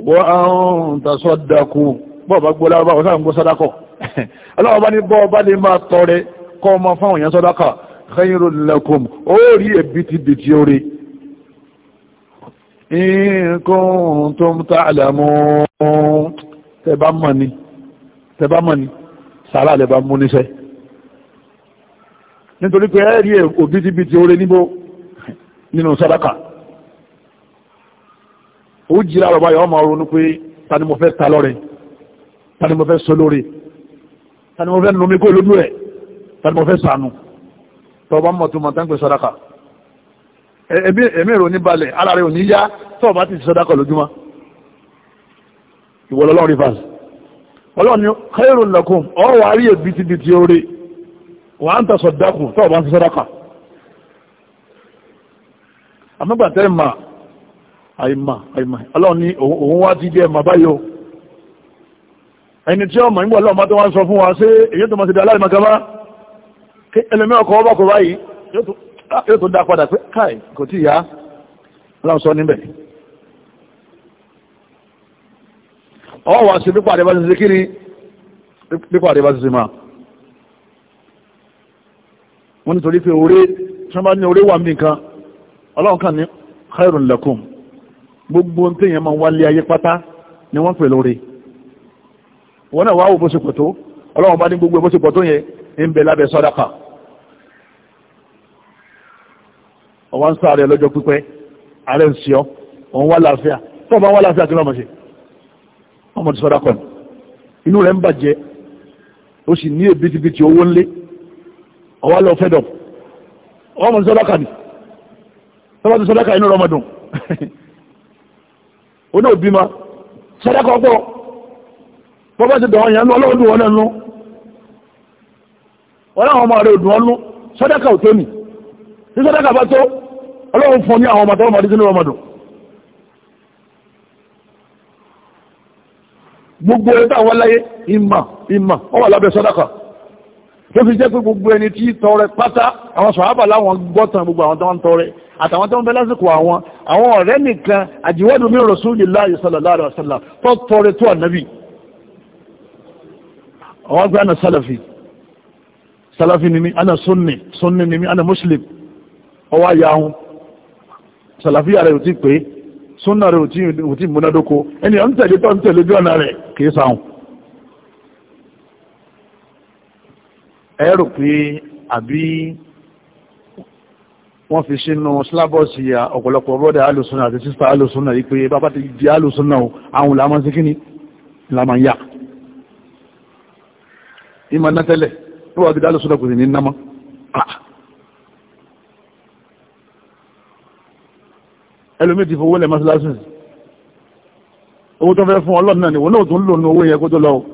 wọ́n àrùn tàṣọ́dákù bọ́ọ̀bá gbọ́ lábá ọ̀sán gbọ́ sọ́dákọ̀ ọlọ́run bá ní bọ́ọ̀bá lè máa tọrẹ kọ́ ọmọ fáwọn èèyàn sọ́dákọ̀ khairul lakum ó rí ni tẹ́bá nítorí pé ẹ́rí òbítíbitì oore níbo nínú sàdákà ó jìrà bàbá yọ ọmọ ronú pé tani mo fẹ́ ta lọ́rẹ̀ tani mo fẹ́ sọ lórí tani mo fẹ́ numi kó lójú ẹ̀ tani mo fẹ́ sànù tọba mọ̀ tó mọ̀ tán pé sàdákà ẹ̀mí ìròní balẹ̀ ara rẹ̀ ò ní yá tọ́ọ̀bá ti sàdákà lójúmọ́ ìwọ̀lọ́lọ́rin fàṣ ọlọ́ni khairul lakum ọ̀rọ̀ àríyè bìtìbìtì oore wà á ń tàṣọ dákù tó ọba ń ṣe sọ́dọ́kà àmọ́gbàtẹ́ mà àìmà àìmà ọlọ́run ní òun wá ti jẹ́ mà báyò ẹni tí ọmọ ìgbà ọlọ́run bá tó wá ń sọ fún wa ṣé èyí tó máa ṣe di aláìmọ̀ kan bá kí ẹlẹ́mí ọkọ̀ ọba kò báyìí ah, yóò tó dá padà pé káì kò tí ìyá wọ́n ní torí pé orí tí wọ́n bá ní orí wà mí nǹkan ọlọ́run ní khairun lakum gbogbo tí èèyàn máa wálé ayé pátá ni wọ́n pè lórí wọ́n náà wáwò bó ṣe pọ̀ tó ọlọ́run bá ní gbogbo bó ṣe pọ̀ tó yẹn ń bẹ lábẹ́ sàdákà ọwọ́ ń sáré lọ́jọ́ pípẹ́ ààrẹ ń ṣe òun wá láàfíà tó bá wá láàfíà kí lọ́mọ ṣe ọmọ ti inú rẹ̀ ń bàjẹ́ ó sì ní èbìtìbìtì owó ńlé ọwá lọ fẹ́dọ̀ ọwọ́ mọ̀ sọ́dọ́kà ní tọ́bá ti sọ́dọ́kà inú rọmọdún ó náà bí ma sọ́dọ́kà ọgbọ́ bọ́bá ti dọ̀ ọ̀yàn ọlọ́ọ̀dún wọn nánú ọlọ́wọ́n ọmọ rẹ̀ òdùn ọnú sọ́dọ́kà ò tó nì tí sọ́dọ́kà bá tó ọlọ́wọ́n fún ní àwọn ọmọ tọ́wọ́ mọ̀ sínú rọmọdún gbogbo ẹ̀ táwọn láyé ìmà ìmà ọwọ́ tó fi jẹ́ pé gbogbo ẹni tí tọrẹ pátá àwọn sọ̀hábà láwọn gbọ́tàn gbogbo àwọn tó ń tọrẹ àtàwọn tó ń bẹ lásìkò àwọn àwọn ọ̀rẹ́ nìkan àjíwọ́dù min Rasulillahi sallallahu alaihi wasallam tó tọrẹ tó ànábì àwọn gbé ana sálàfì sálàfì nimi ana sunni sunni ni mi ana muslim ọwọ́ ayé ahun sálàfì rẹ̀ ò ti pé sunna rẹ̀ ò ti múnádóko ẹni ọ̀ ń tẹ̀lé tó ń tẹ̀lé bí ọ̀nà rẹ̀ kìí sáhùn ẹ rò pé àbí wọ́n fi sínú sílábọ̀sì ọ̀pọ̀lọpọ̀ bọ́dà alùsùnà àti sísà alùsùnà yí pé bàbá ti di alùsùnà o àwọn làmọ́ sí kíní làmọ́ yá ìmọ̀ ná tẹ́lẹ̀ tó wà ti dá alùsùnà kò sì ní námọ́ ah. ẹlòmí ti fowó lẹ̀ mọ́sílásì owó tó fẹ́ fún ọlọ́run náà ni wọ́n náà tún lò ní owó yẹn kó tó lọ́wọ́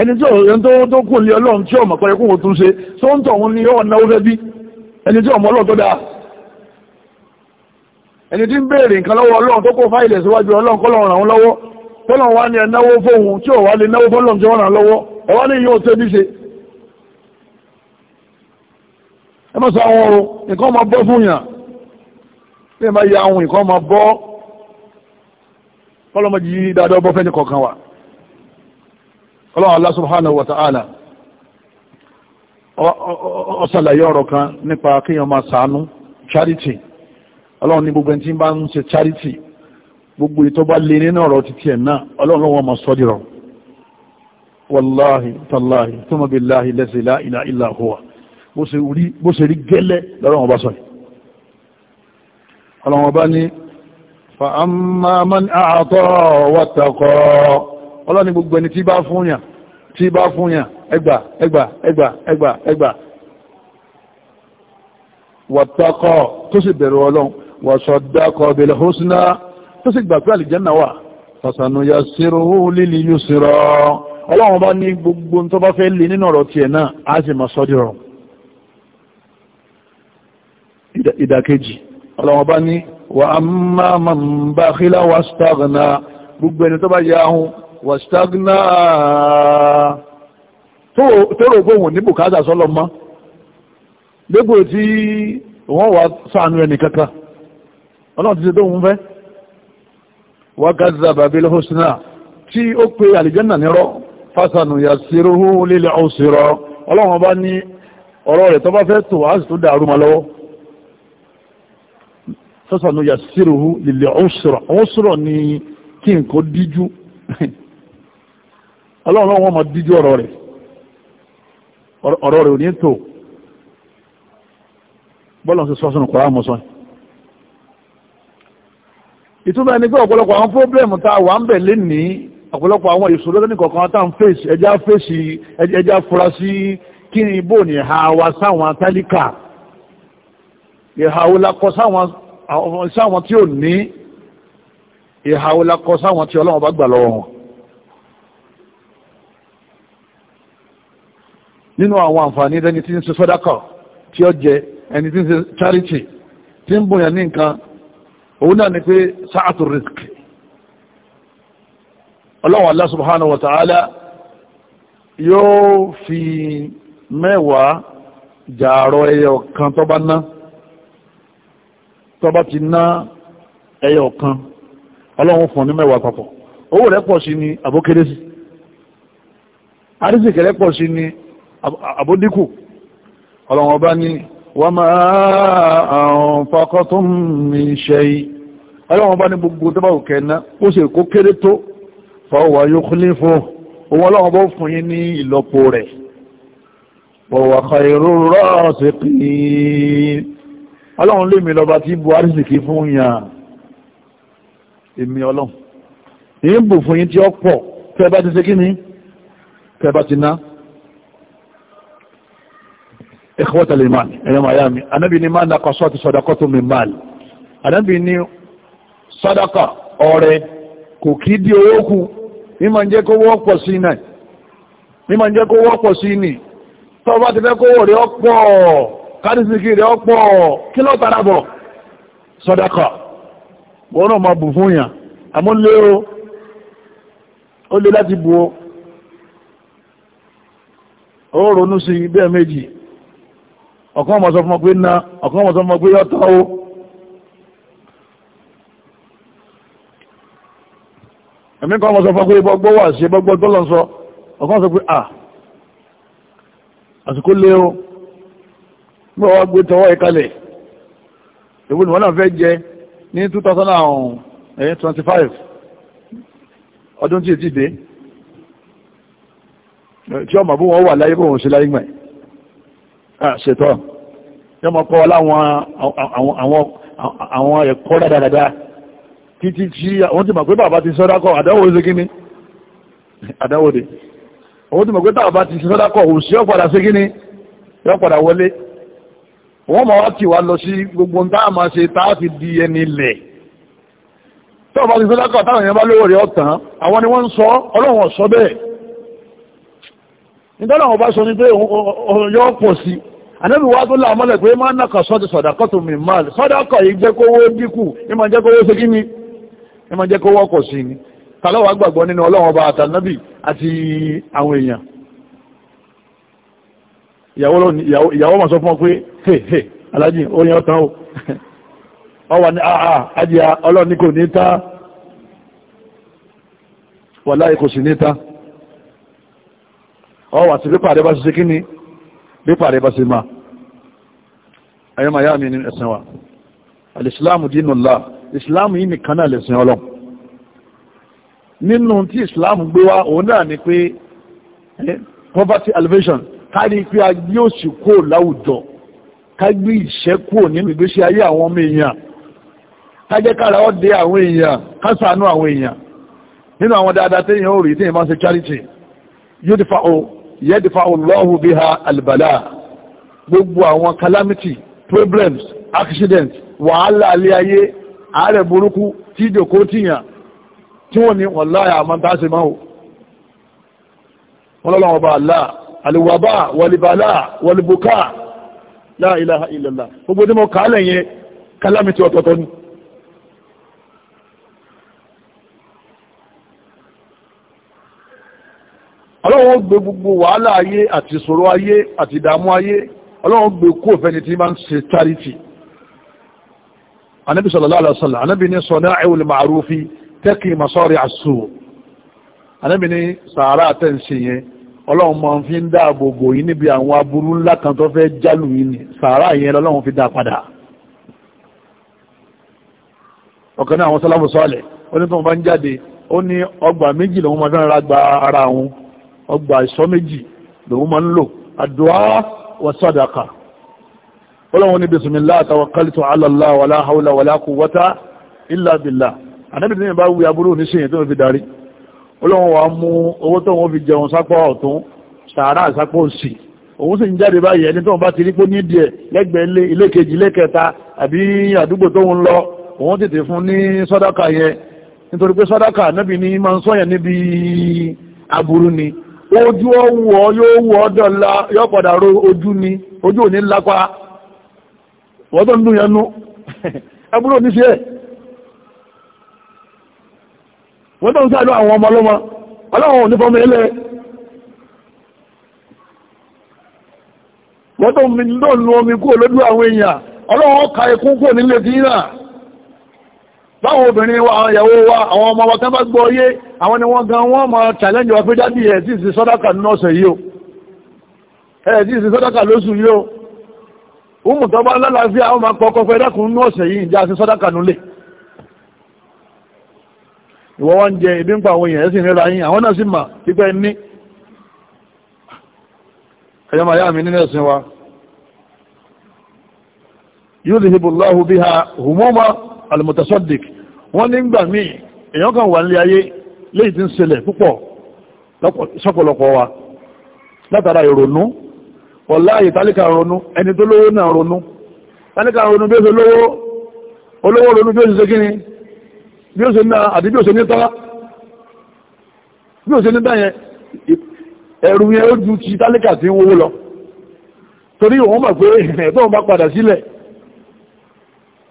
ẹni tí ọ̀rọ̀ tó tó kún ní ọlọ́run tí ọmọ pẹ̀lú kún òtún ṣe tó ń tọ̀hún ní ọ̀nà ó fẹ́ bí ẹni tí ọmọ ọlọ́run tó dáa ẹni tí ń bèèrè nǹkan lọ́wọ́ ọlọ́run tó kó fáìlẹ̀ síwájú ọlọ́run kọ́lọ́run ràn lọ́wọ́ tọ́lọ́run wá ní ọlọ́run Allah subhanahu wa ta'ala ọ̀sàlàyé ọ̀rọ̀ kan nípa kíyàn máa sàánú charity ọlọ́run ní gbogbo ẹni tí ń bá ń ṣe charity gbogbo ìtọ́ bá lè nínú ọ̀rọ̀ títí ẹ̀ náà ọlọ́run wọn máa sọ́ dìrọ̀ wàláhì tàláhì thumma billahi lazi la ilaha illa huwa bó ṣe rí gẹ́lẹ́ lọ́rọ̀ wọn bá sọ ọlọ́ni gbogbo ẹni tí bá fún yàn tí bá fún yàn ẹgbà ẹgbà ẹgbà ẹgbà ẹgbà wàtàkọ tó sì bẹ̀rù ọlọ́run wàṣọ̀dákọ̀ bil husna tó sì gbà pé àlìjẹ́nà wà fàṣànúyà sírò líli yóò sírò ọlọ́run bá ní gbogbo gbogbo ẹni tó bá yá ahun wàṣtágná tóró a ní bùkátà sọ́lọ mọ́ dégbò tí wọ́n wà sáànú ẹni kankan ọlọ́run ti ṣe tó ń fẹ́ wákàtí àbàbí tí ó pé àlìjẹ́nà nírọ́ fásánù lílẹ̀ bá ní ọ̀rọ̀ rẹ̀ tó bá fẹ́ tó wá tó dàrú ma lọ́wọ́ fásánù lílẹ̀ òṣìrọ̀ ni kí n kò díjú ọlọ́run wọn mọ̀ díjú ọ̀rọ̀ rẹ̀ ọ̀rọ̀ rẹ̀ ò ní tò bọ́lọ̀ sí sọ́sùn kọ̀rọ̀ àmọ́sán ìtumọ̀ ẹni pé ọ̀pọ̀lọpọ̀ àwọn pọ́blẹ̀mù tá a wà ń bẹ̀ lẹ́ni ọ̀pọ̀lọpọ̀ àwọn ìṣòro lẹ́ni kọ̀ọ̀kan tá ń fèsì ẹjá fèsì ẹjá fura sí kí ni bò ní ha wa sáwọn tálíkà ìhàwó lakọ sáwọn tí ò ní ìhàwó lakọ sáwọn tí ọlọ́run bá gbà lọ́wọ́ wọn nínú àwọn àǹfààní ẹni tí ń ṣe sọ́dákọ̀ tí ó jẹ ẹni tí ń ṣe charity tí ń bùnyàn ní nǹkan òun náà ni pé sáàtù risk ọlọ́wọ̀n Allah subhanahu wa ta'ala yóò fi mẹ́wàá jàrọ ẹyọ kan tó bá ná tó bá ti ná ẹyọ kan ọlọ́wọ̀n fún ní mẹ́wàá papọ̀ owó rẹ̀ pọ̀ sí ni àbókérésì arísìkẹ̀rẹ̀ pọ̀ sí ni àbódíkù ọlọ́run ọba ní wọ́n máa àrùn fakọ́tún mi ṣe ọlọ́run ọba ní gbogbo tó bá òkè ná ó sì kó kéré tó fọwọ́ yóò kúlé fún òun ọlọ́run bó fún yín ní ìlọ́po rẹ̀ wọ̀wọ̀ kàìrò rọ́ọ̀sì pé èmi ọlọ́run ìyí fún yín tí ó pọ̀ tẹ́ bá ti ṣe kí ni tẹ́ bá ti ná ikhwata al-iman ẹ̀yọ́ miami anábì ní máa nàkọsọ́ ti sọ́dọ̀kọ́ tó mi máàlì anábì ní sọ́dọ̀kọ́ ọ̀rẹ́ kò kí di owó kú mímọ̀ jẹ́ kó wọ́pọ̀ sí náà mímọ̀ jẹ́ kó wọ́pọ̀ sí ní tọ́ bá ti fẹ́ kó wò rí ọ̀pọ̀ kárísìkì rí ọ̀pọ̀ kí ló tara bọ̀ sọ́dọ̀kọ́ wọ́n o ó lé láti o ó ronú sí bẹ́ẹ̀ ọ̀kan ọmọ sọ fún ọ pé na ọ̀kan ọmọ sọ fún ọ pé yọtọ o ẹ̀mí kan ọmọ sọ fún ọ pé bọ́gbọ́ wà ṣe bọ́gbọ́ tó lọ sọ ọ̀kan sọ pé à àsìkò lé o nígbà wàá gbé tọwọ́ ìkalẹ̀ èwo ni wọ́n náà fẹ́ jẹ ní two thousand and eh, twenty five ọdún tí ì ti dé tí ọmọ bó wọn wà láyé bó wọn ṣe láyé gbà yìí. Ah, ṣètọ́ yọ mọ̀ kọ́ láwọn ẹ̀kọ́ dáadáa títí tí wọ́n ti mọ̀ pé bàbá ti sọ́dá kọ́ àdáwò ó ṣe kíní àdáwò dé wọ́n ti mọ̀ pé bàbá ti sọ́dá kọ́ òun sí ọ̀padà ṣe kíní yọ padà wọlé wọ́n mọ̀ wá ti wá lọ sí gbogbo táà máa ṣe táà ni wọ́n ń sọ ní pé yọ pọ̀ sí anábì wá tó là mọ́lẹ̀ pé máa nàkà sọ́dí sọ̀dàkọ́ tó mi máa sọ́dàkọ́ yìí jẹ́ kówó dínkù ní máa jẹ́ kówó ṣégí ni ní máa jẹ́ kówó ọkọ̀ sí ni tàlọ́wà gbàgbọ́ nínú ọlọ́run ọba àtànábì àti àwọn èèyàn ìyàwó máa sọ fún ọ pé he he alájì oyin ọ̀tán o ọwà ní àà ah, ajá ah, ọlọ́run ní kò ní ta wàláì kò sí bí pàrẹ bá ṣe máa ayọ́ ma yá mi ní ẹ̀sìn wa alìsìláàmù dínúlá ìsìláàmù yìí nìkan náà lẹ̀sìn ọlọ́run nínú tí ìsìláàmù gbé wá òun náà ni pé poverty elevation kárí pé a gbé òṣì kó láwùjọ ká gbé ìṣẹ́ kúrò nínú ìgbésí ayé àwọn ọmọ èèyàn ká jẹ́ kára ọ́ dé àwọn èèyàn ká ṣàánú àwọn èèyàn nínú àwọn dáadáa téèyàn ó rí téèyàn máa ń ṣe charity yóò ti fa o yẹ́dìfà Allahu biha albala gbogbo àwọn calamity problems accidents، wàhálà alẹ́ ayé ààrẹ burúkú tí ìjòkó tíyàn tí wọ́n ni wọ́n láyà àmọ́ bá ṣe máa wọ́n lọ́lọ́wọ́ bá aláà alìwàbá wàlìbàlá wàlìbùká la ilaha illallah gbogbo tí mo kàálẹ̀ yẹn calamity ọ̀tọ̀tọ̀ ni ọlọ́run ó gbé gbogbo wàhálà ayé àti ìṣòro ayé àti ìdààmú ayé ọlọ́run gbé kó fẹ́ni tí máa ń ṣe charity anábì sallallahu alaihi wasallam anábì ní sanaa'ul ma'rufi taqi masari'as su' anábì ní sàárà àtẹ̀ǹṣe yẹn ọlọ́run máa fi ń dáàbò bò yín níbi àwọn aburú ńlá kan tó fẹ́ jálù yín ni sàárà yẹn lọ́lọ́run fi dá padà ọ̀kan náà àwọn sálàfù ó ní ọgbà méjì lòun máa fẹ́ ra gba ara òun ọgbà ìsọ méjì lòun máa ń lò àdúrà wa sàdákà ọlọ́run ní bismillah tawakkaltu ala Allah wala hawla wala quwwata illa billah anábìtì ní ìbá wí aburú ní síyìn tó fi darí ọlọ́run wa mú owó tó wọ́n fi jẹun sápọ̀ ọ̀tún sàárà sápọ̀ òsì òun sì ń jáde báyìí ẹni tó bá ti rí pé ní díẹ̀ ojú ọwù ọ yóò wù ọdọ̀ ńlá yóò ojú ni ojú lápá wọ́n tó ń dùn yẹnu ẹgbúrò ní ṣe ẹ̀ wọ́n tó ń sáàdọ̀ àwọn ọmọ ọlọ́mọ ọlọ́wọ̀n ní fọ́mọ ilẹ̀ wọ́n tó ń omi báwọn obìnrin wa àwọn ìyàwó wa àwọn ọmọ wa tán bá gbọ́ yé àwọn ni wọ́n gan wọ́n ma challenge wa fi dábì ẹ̀ tí ìsì sọ́dáka ní ọ̀sẹ̀ yìí o ẹ̀ tí ìsì sọ́dáka lóṣù yìí o umùtọ́ bá lálàáfíà àwọn ma kọ́kọ́ fẹ́ dákùn ní ọ̀sẹ̀ yìí ìjà sí sọ́dáka nulẹ̀ biha alimutasodik wọ́n ní gbà míì èèyàn kan wà nílé ayé léyìí tí ń ṣẹlẹ̀ púpọ̀ sọ́pọ̀lọpọ̀ wa látara ìrònú ọ̀lá ìtàlíkà ronú ẹni tó lówó náà ronú tàlíkà ronú bí ó ṣe lówó olówó ronú bí ó ṣe ṣe kíni bí ó ṣe ní àti bí ó ṣe ní tọ́lá bí ó ṣe ní dáyẹn ẹ̀rù yẹn ó ju ti tàlíkà tí ń wówó lọ torí òun mọ̀ pé ẹ̀tọ́ bá padà sílẹ̀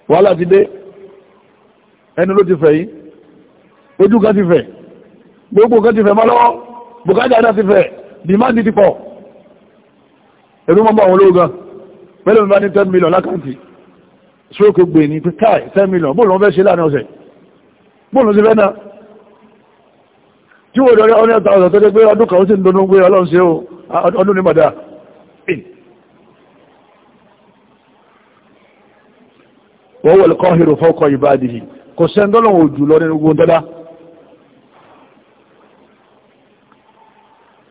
wàhálà ti dé ẹnu ló ti fẹ̀ yìí ojú kan ti fẹ̀ gbogbo kan ti fẹ̀ máa lọ́wọ́ bùkátà náà ti fẹ̀ dìmáàdì ti pọ̀ ẹ̀rú mọ́ àwọn olówó gan pẹ̀lú mi bá ní ten million lákàntì sókè gbè ní pé káì ten million bóòlù wọn fẹ́ ṣe láàrin ọ̀sẹ̀ bóòlù ti fẹ́ náà tí wọ́n dọ̀rẹ́ ọdún ẹ̀ta ọ̀sẹ̀ tó dé pé ọdún kan ó sì ń donú pé ọlọ́run ṣe ọdún ní mọ̀dá wọ́n wọ̀lẹ̀kọ́ hìrò fọ́kọ̀ ìbáàdìí kò sẹ́ńdọ́lọ́wọ̀ òjù lọ nínú gbogbo dada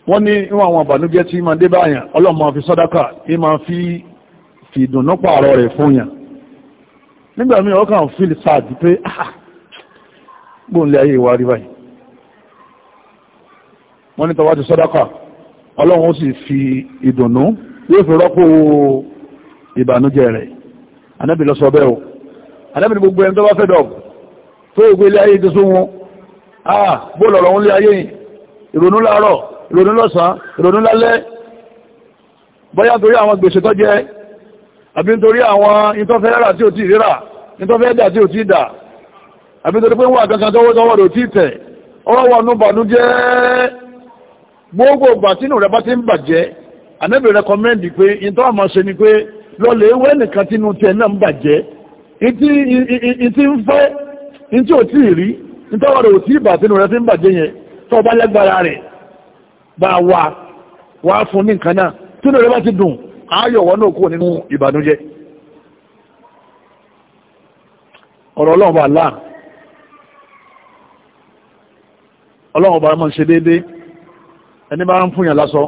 wọ́n ní ìwọ̀n àwọn àbànújẹ́ tí ma dé báyàn ọlọ́mọ fi sọ́dáka ní ma fi fi ìdùnnú pààrọ̀ rẹ̀ fún yàn nígbà mí ọkàn fíl sáàdì pé ah, ah, gbóǹlẹ̀ ayé ìwà rí báyìí wọ́n ní tọwá ti sọ́dáka ọlọ́run ó sì fi ìdùnnú yóò fi rọ́pò ìbànújẹ́ rẹ̀ anábìlọ́sọ bẹ́ẹ̀ o anábìlọ́ gbogbo ẹni tó bá fẹ́ dọ̀bù tó ìgbélé ayé ti sún wọn àà ah, bó lọ̀rọ̀ ń lé ayé yìí ìrònú láàárọ̀ ìrònú lọ́sàn ìrònú lálẹ́ bóyá nítorí àwọn gbèsè tó jẹ àbí nítorí àwọn ìtọ́fẹ́ rà tí ò tí rírà ìtọ́fẹ́ dà tí ò tí dà àbí nítorí pé wọ́n àkankan tó wọ́n rò tí tẹ̀ ọwọ́ wọn nú bànú jẹ́ gbogbo ìgbà tínú bá ti ń bàjẹ́ ànẹ́bì rẹkọmẹ́ndì pé ìtọ́ àmọ́ ṣe ni pé lọ́lẹ̀ ewé nìkan tínú tẹ̀ náà ń bàjẹ́ ìtí ń fẹ́ ní tí ò tí ì rí nítọ́wọ́ rẹ̀ ò tí ìbà sínú rẹ̀ fi ń bàjẹ́ yẹn tó bá lágbára rẹ̀ bá wà wá fún ní nǹkan náà tí ó rẹ̀ bá ti dùn ayọ̀ wọn náà kúrò nínú ìbànújẹ́ ọ̀rọ̀ ọlọ́ọ̀bà ń fúnyàn lásọ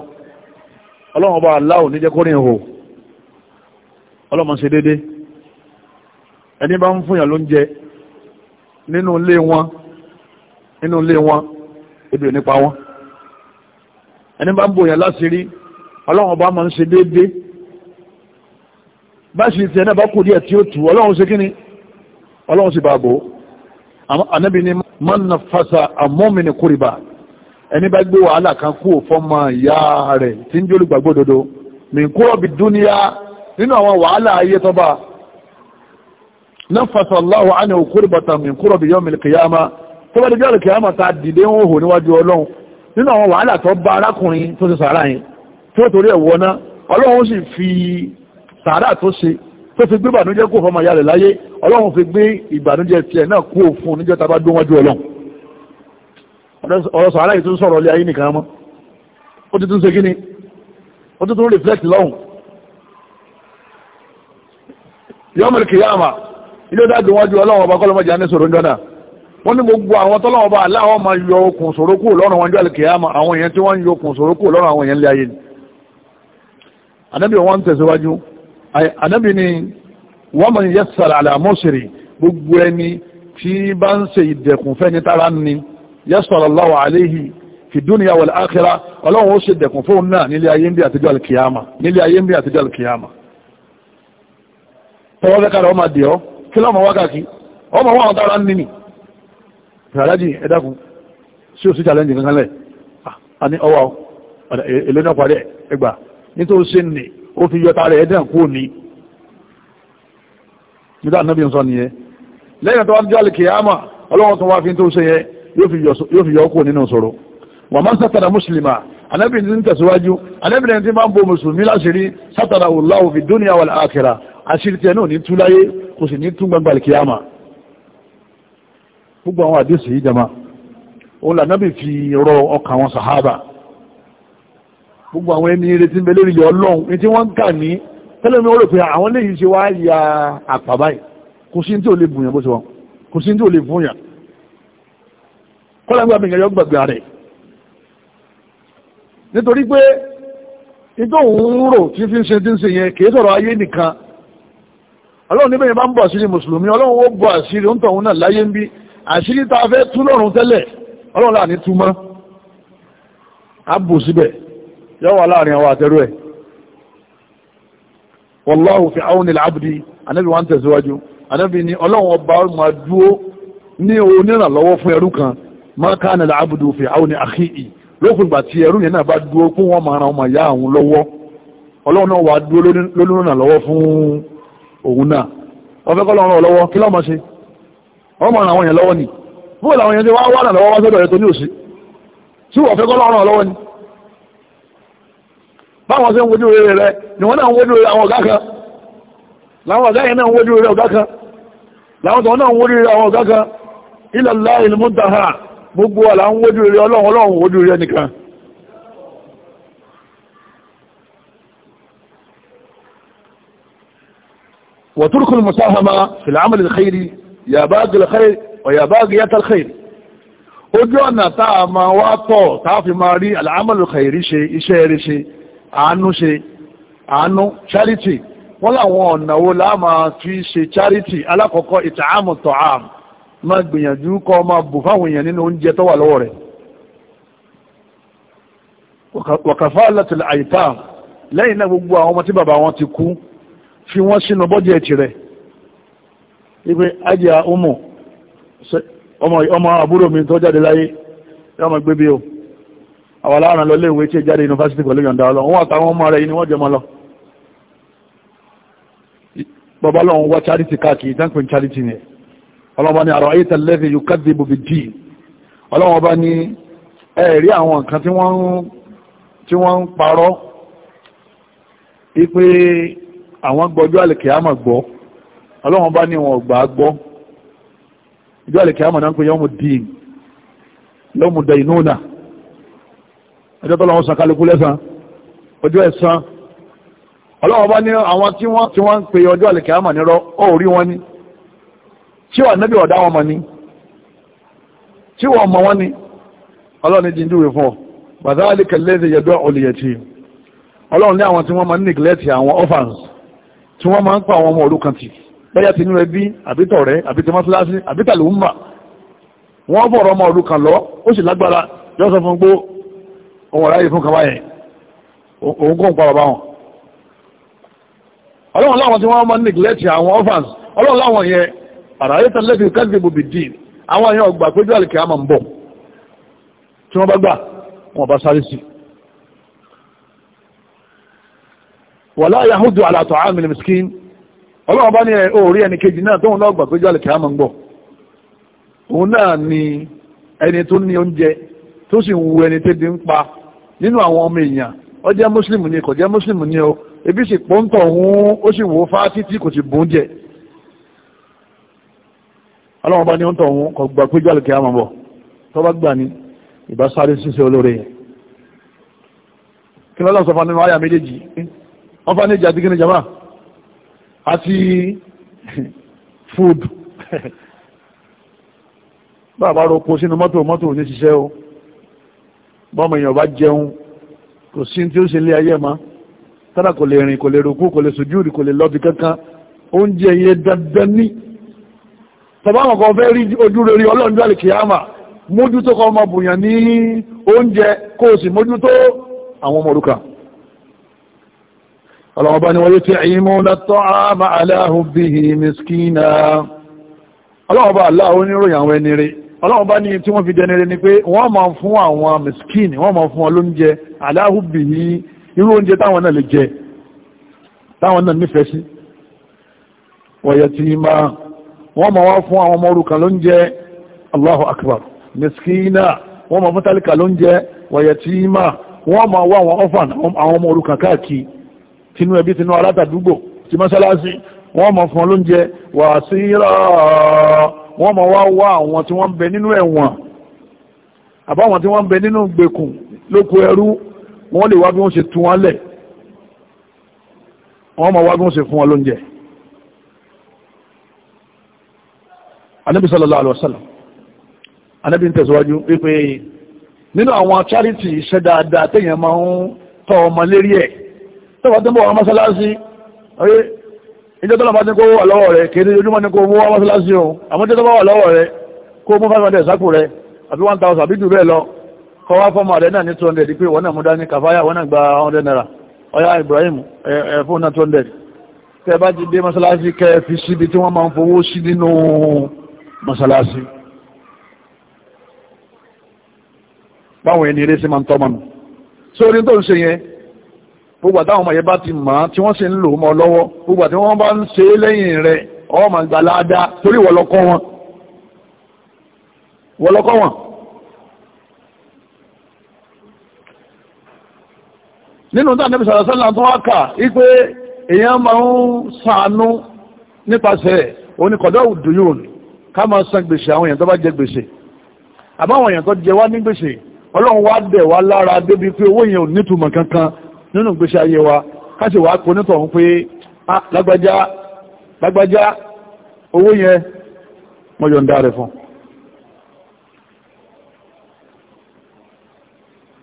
nínú ilé wọn nínú ilé wọn ebi ò nípa wọn ẹni bá ń bòyàn láṣìírí ọlọ́run ọba máa ń ṣe déédé bá sì tiẹ̀ náà bá kù díẹ̀ tí ó tù ọlọ́run ṣe kíni ọlọ́run sì bá bò ó ànábì ni mọ́nà fasa àmọ́mìnì kúrìbà ẹni bá gbé wàhálà kan kú fọ́mọ ìyá rẹ̀ tí ń jólùgbàgbódodo mìkúrọ̀bì dúníyà nínú àwọn wàhálà ayé tọ́ba nafasa Allahu anhu kurbatan min kurabi yawm al-qiyamah tó bá dijọ́ al-qiyamah ta dìde ń hò níwájú ọlọ́run nínú àwọn wàhálà tó bá arákùnrin tó ṣe sàárà yẹn tí ó torí ẹ̀wọ̀ náà ọlọ́run sì fi sàárà tó ṣe tó fi gbé ìbànújẹ́ kó fọmọ ìyá rẹ̀ láyé ọlọ́run fi gbé ìbànújẹ́ tiẹ̀ náà kú òfun níjọ́ ta bá dún wájú ọlọ́run ọ̀rọ̀ sàárà yìí tó sọ̀rọ̀ ilé dájú wọn ju ọlọ́wọ́n ọba kọ́lọ́mọ́jà ní sòrò ńjọ́nà wọ́n ní gbogbo àwọn tọ́lọ́wọ́n ọba aláwọ̀ máa yọ okùn sòrò kù lọ́rùn wọn jọ àlùkìyàmà àwọn èèyàn tí wọ́n yọ okùn sòrò kù lọ́rùn àwọn èèyàn lé ayé ni anábì wọn ń tẹ̀síwájú anábì ni wọ́n mọ̀ yẹ sàrà àlàmọ́sìrì gbogbo ẹni tí bá ń ṣe ìdẹ̀kùn fẹ́ni tára ni yẹ sọ̀rọ̀ lọ́wọ́ àléhì fìdúnìyà wal akhirah ọlọ́run ó ṣe dẹ̀kùn fóun náà nílé ayé ń bí àtijọ́ àlùkìyàmà nílé ayé ń bí àtijọ́ àlùkìyàmà tọwọ́ fẹ́ kára ọmọ adìyọ́ kí lọ́mọ wákàkí ọmọ wọn dára ń nínú ìrànlájì ẹ̀dàkùn sí òsì challenge kankan lẹ̀ ah, a ní ọwọ́ èlé náà parí ẹgbà nítorí sí ní ó fi yọta rẹ̀ kú ní sọ lẹ́yìn tó wá ọlọ́wọ́ tó wá fi tó ṣe yẹ yóò fi yọ kú nínú sọ̀rọ̀ wà sátara mùsùlùmá tẹ̀síwájú tí ń bo mùsùlùmí láṣìírí sátara dúnìyà àṣírí tiẹ̀ náà ní tú láyé kò sì ní tú gbangba kìyàmà gbogbo àwọn àdéṣe yìí jama òun lànàbì fi rọ ọkàn àwọn sàhábà gbogbo àwọn ẹni retí mbẹ lórí ọlọ́run ní tí wọ́n kà ní tẹ́lẹ̀ mi ó rò pé àwọn léyìí ṣe wá ya àpà báyìí kò sí tí ò lè bùyàn bó ṣe wọn kò sí tí ò lè bùyàn kọ́lá gbàgbé ìyẹn yọ rẹ̀ nítorí pé ìtòhun ń rò tí fi ń ṣe tí ń ṣe yẹn kì í sọ̀rọ̀ ayé nìkan ọlọ́run níbẹ̀ yẹn bá ń bọ̀ àṣírí mùsùlùmí ọlọ́run ó bọ̀ àṣírí ń tọ̀hún náà láyé ń bí àṣírí tá a fẹ́ tú lọ́run tẹ́lẹ̀ ọlọ́run láàní tú mọ́ á bù síbẹ̀ yọ wà láàrin àwọn àtẹrú ẹ̀ wallahu fi auni al-abdi anábì wọn tẹ̀síwájú anábì ni ọlọ́run ọba máa dúó ní onírànlọ́wọ́ fún ẹrú kan ma kana al-abdu fi auni tí ẹrú yẹn náà bá dúó ọmọ ìyá àwọn lọ́wọ́ ọlọ́run náà wà dúó òun náà wọ́n fẹ́ kọ́lọ́ ọ̀rọ̀ lọ́wọ́ kí lọ́mọ ṣe wọ́n àwọn èèyàn lọ́wọ́ ni bó làwọn èèyàn ṣe wá wà lọ́wọ́ wá sọ́dọ̀ rẹ̀ tó ní òsì tí wọ́n fẹ́ kọ́lọ́ ni báwọn ṣe ń wojú rere rẹ ni wọ́n náà ń wojú rere àwọn ọ̀gá kan láwọn ọ̀gá yẹn náà ń wojú ọ̀gá kan láwọn tó náà ń wojú àwọn ọ̀gá kan ilẹ̀ وترك المساهمة في العمل الخيري يا باقي الخير ويا باقية الخير ojú ọ̀nà táà máa wá tọ̀ táà fi máa rí àlàámọ̀lù kàìrí ṣe iṣẹ́ eré ṣe àánú ṣe àánú charity wọ́n láwọn ọ̀nà wo láàmà fi ṣe charity alákọ̀ọ́kọ́ ìtààmù tọ̀àm ma gbìyànjú kó máa bù fáwọn èèyàn nínú oúnjẹ tó wà lọ́wọ́ rẹ̀ wàkàfà látìlẹ̀ àìtàm lẹ́yìn náà gbogbo àwọn ọmọ tí bàbá wọn ti kú fi wọ́n sínú bọ́jẹ̀tì rẹ̀ wípé ajá ọmọ ọmọ àbúrò mi tó jáde láyé yọ́mọ gbé bí o àwọn aláàrùn lọ léèwé tí jáde yunifásitì pẹ̀lú yọ̀ǹda ọlọ́ wọ́n àtàwọn ọmọ rẹ̀ ni wọ́n jẹmọ lọ bọ́bá lọ́wọ́n wá charity káàkiri dánkùn charity ni ọlọ́wọ́n ni àrọ̀ ayétà lẹ́fẹ̀ yóò kádé bòbí jì ọlọ́wọ́n bá ní ẹ̀rí àwọn nǹkan tí wọ́n ń parọ́ wípé àwọn gbọ́jọ́ alìkìyàmọ̀ gbọ́ ọlọ́run bá ní wọn gbà gbọ́ ìjọ́ alìkìyàmọ̀ náà ń pè yọ́mù dín yọ́mù dẹ̀ inú nà ọjọ́ tó lọ́wọ́ san lẹ́sàn ọjọ́ ẹ̀san ọlọ́run bá ní àwọn tí wọ́n tí wọ́n ń pè ọjọ́ nírọ́ wọn ni tí wọ́n nẹ́bí ọ̀dá wọn mọ̀ ni tí wọ́n mọ̀ wọn ni ọlọ́run ní jíjúwe fún ọ bàtà tí wọ́n máa ń pa àwọn ọmọ òrukàn tì bẹ́yà ti nínú ẹbí àbítọ̀ rẹ̀ àbítọ̀ mọ́síláṣí àbítàlù ń bà wọ́n bọ̀rọ̀ ọmọ òrukàn lọ ó sì lágbára yọ́ sọ fún gbó ohun ọ̀rá yìí fún kaba yẹn òun kò ń pa bàbá wọn ọlọ́run láwọn tí wọ́n máa ń neglect àwọn orphans ọlọ́run láwọn yẹn àràyè tán lẹ́bi kẹ́sì bòbí dín àwọn yẹn ọgbà péjú àlìkè àmà ń bọ̀ tí wọ́n bá gbà wọn bá sáré sí i wàlá yahudu alatọ̀ amìlì miskin ọlọ́wọ́ bá ní orí ẹni kejì náà tóun lọ́gbà pé jọ́ àlèkè àmọ́ ń bọ̀ òun náà ni ẹni tó ní oúnjẹ tó sì ń wu ẹni tẹ́bi ń pa nínú àwọn ọmọ èèyàn ó jẹ́ muslim ni kò jẹ́ muslim ni o ebi sì pọ́ńtọ̀ òun ó sì wò fá títí kò sì bùn jẹ ọlọ́wọ́ bá ní oúnjẹ òun kò gbà pé jọ́ àlèkè àmọ́ ń bọ̀ tó bá gbà ní ìbá sáré ṣíṣe olóore yẹn kí lọ́lọ́ sọ fún mi orphanage àti kí ni jama àti food bàbá roko sínú mọ́tò mọ́tò ní ṣiṣẹ́ o bọ́mọ èèyàn bá jẹun kò sí tí ó ṣe lé ayé ma tára kò lè rìn kò lè rògbò kò lè sùjúdì kò lè lọ́bi kankan oúnjẹ yẹn dandan ní tọ́bá àwọn kan fẹ́ rí ojú rere ọlọ́njọ́ àlìkìyàmà mójútó kọ́ ọmọ ní oúnjẹ kó o sì mójútó àwọn ọmọ òrukàn ọlọ́ọ̀bá ni wọ́n yóò ti àyímọ́ látọ́ ala aláhùn bí i mẹ́sìkínà ọlọ́ọ̀bá aláhùn ni pé wọ́n fún àwọn mẹ́sìkín wọ́n fún wọn lóúnjẹ aláhùn irú oúnjẹ táwọn náà lè jẹ táwọn náà ma wọ́n wá fún àwọn ọmọ òrukàn lóúnjẹ Allahu akbar mẹ́sìkínà wọ́n máa fún ma tinú ẹbí tinú alátàdúgbò ti mọ́sálásí wọ́n mọ̀ fún lóúnjẹ wà sí rà wọ́n mọ̀ wá wá àwọn tí wọ́n ń bẹ nínú ẹ̀wọ̀n àbáwọn tí wọ́n ń bẹ nínú gbèkùn lóko ẹrú wọ́n lè wá bí wọ́n ṣe tú wọn lẹ̀ wọ́n mọ̀ wá bí wọ́n ṣe fún wọn lóúnjẹ tẹ̀síwájú wípé nínú àwọn charity iṣẹ́ dáadáa téèyàn máa ń tọ́ ọmọ lérí ẹ̀ tọ́wọ́ tó ń bọ̀ wá mọ́sálásí oye ìjọ tó lọ́pàá ní kó wà lọ́wọ́ rẹ̀ kí ní ojúmọ́ ní kó mú wá o àmọ́ tó bá wà lọ́wọ́ rẹ̀ kó mú 500 sápò rẹ̀ àbí 1000 àbí jù bẹ́ẹ̀ lọ kọ́ wá fọ́mọ̀ rẹ̀ náà ní 200 pé wọ́n náà mú dání kàfáyà wọ́n náà gba 100 naira Ibrahim ẹ̀fún náà 200 tẹ́ bá ti dé mọ́sálásí kẹ́ fi síbi tí wọ́n máa ń fowó sí nínú mọ́sálásí báwọn ẹni eré sí máa ń tọ́ mọ́nu sórí tó ń ṣe yẹn gbogbo àtàwọn ọmọ yẹn bá ti mọ̀ tí wọ́n sì ń lò mọ́ lọ́wọ́ gbogbo àti wọ́n bá ń ṣe é lẹ́yìn rẹ̀ ọmọ ìgbàláadá torí wọ̀lọ́kọ́ wọn wọ̀lọ́kọ́ wọn nínú tàà nẹ́bí sàrásánlá tó wá kà wípé èyàn máa ń sàánú nípasẹ̀ oníkọ̀dọ̀ òdùyún ká máa san gbèsè àwọn èèyàn tó bá jẹ gbèsè àbáwọn èèyàn tó jẹ wá ní gbèsè ọlọ́run wá dẹ̀ wá lára débi pé owó yẹn ò nítumọ̀ kankan nínú gbèsè ayé wa káṣe wàá kó nítọ̀ pé ah, lágbájá lágbájá owó yẹn wọ́n yọ̀ǹda rẹ̀ fún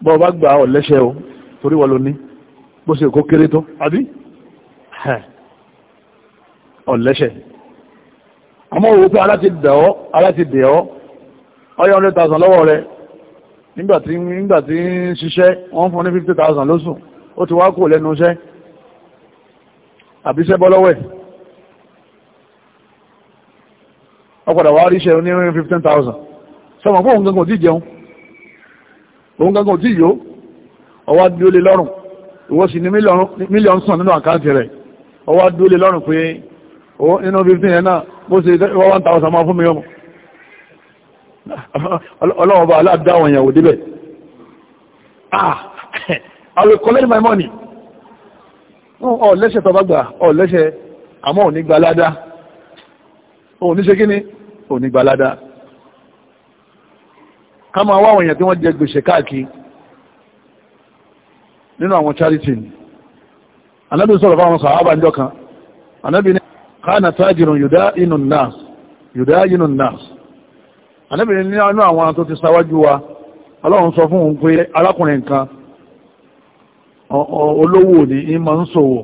bọ́ bá gbà ọ̀ lẹ́ṣẹ̀ o torí wọ́n ló ní bó ṣe kó kéré tó àbí ọ̀ lẹ́ṣẹ̀ àmọ́ òwò pé aláti dẹ̀ aláti dẹ̀ ọ́ ọyọ́ 100,000 lọ́wọ́ rẹ̀ nígbàtí ń ṣiṣẹ́ wọ́n fún ní 50,000 lóṣù ó ti wá kò lẹ́nu iṣẹ́ àbíṣẹ́ bọ́lọ́wẹ̀ ọ̀padà wá ríṣẹ́ ní fifteen thousand sọmọ fún òun gangan ò tí jẹun òun gangan ò tí yó ọwá dúólé lọ́rùn ìwọ sì ní mílíọ̀nù sàn nínú àkáǹtì rẹ̀ ọwá dúólé lọ́rùn pé nínú fifteen yẹn náà bó ṣe wá one thousand máa fún mi ọmọ ọlọ́wọ́ba aláàdáwọn èèyàn ò débẹ̀ ah! I will collect my money ọ lẹ́sẹ̀ tọba gbà ọ lẹ́sẹ̀ àmọ́ ò ní gba ládá ò ní ṣe kí ni ò ní gba ládá ká máa wá àwọn èèyàn tí wọ́n jẹ gbèsè káàkiri nínú àwọn charity ni anábì sọ̀rọ̀ fáwọn sàábà ń jọkan anábì ní kánà tájìrùn yùdá inú nas yùdá inú nas anábì ní àwọn tó ti sáwájú wa ọlọ́run sọ fún òun pé arákùnrin kan olówó ní ìmọ̀ ń ṣòwò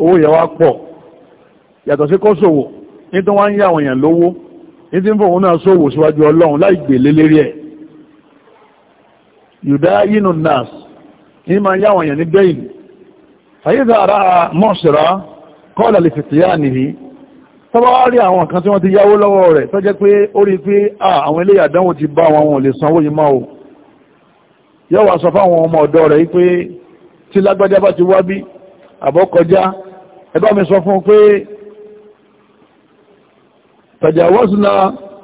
owó yẹn wá pọ̀ yàtọ̀ sí kó ṣòwò ní tó wá ń yá àwọn èèyàn lówó ní tí ń fòun náà ṣòwò síwájú ọlọ́run láì gbèlé lérí ẹ̀ yùdá yínú nas ní ma yá àwọn èèyàn ní bẹ́yìn fàyíza ara mọ́ṣẹ̀rá kọ́ọ̀lá lè fìtìyà nìyí tọ́bá wá rí àwọn kan tí wọ́n ti yáwó lọ́wọ́ rẹ̀ tó jẹ́ pé ó rí pé àwọn eléyà dánwò ti bá wọn wọn lè sanwó yìí máa yóò wá sọ fáwọn ọmọ ọ̀dọ́ rẹ̀ pé tí lágbájá bá ti wá bí àbọ́kọjá ẹ bá mi sọ fún pé tàjáwọ́sùnà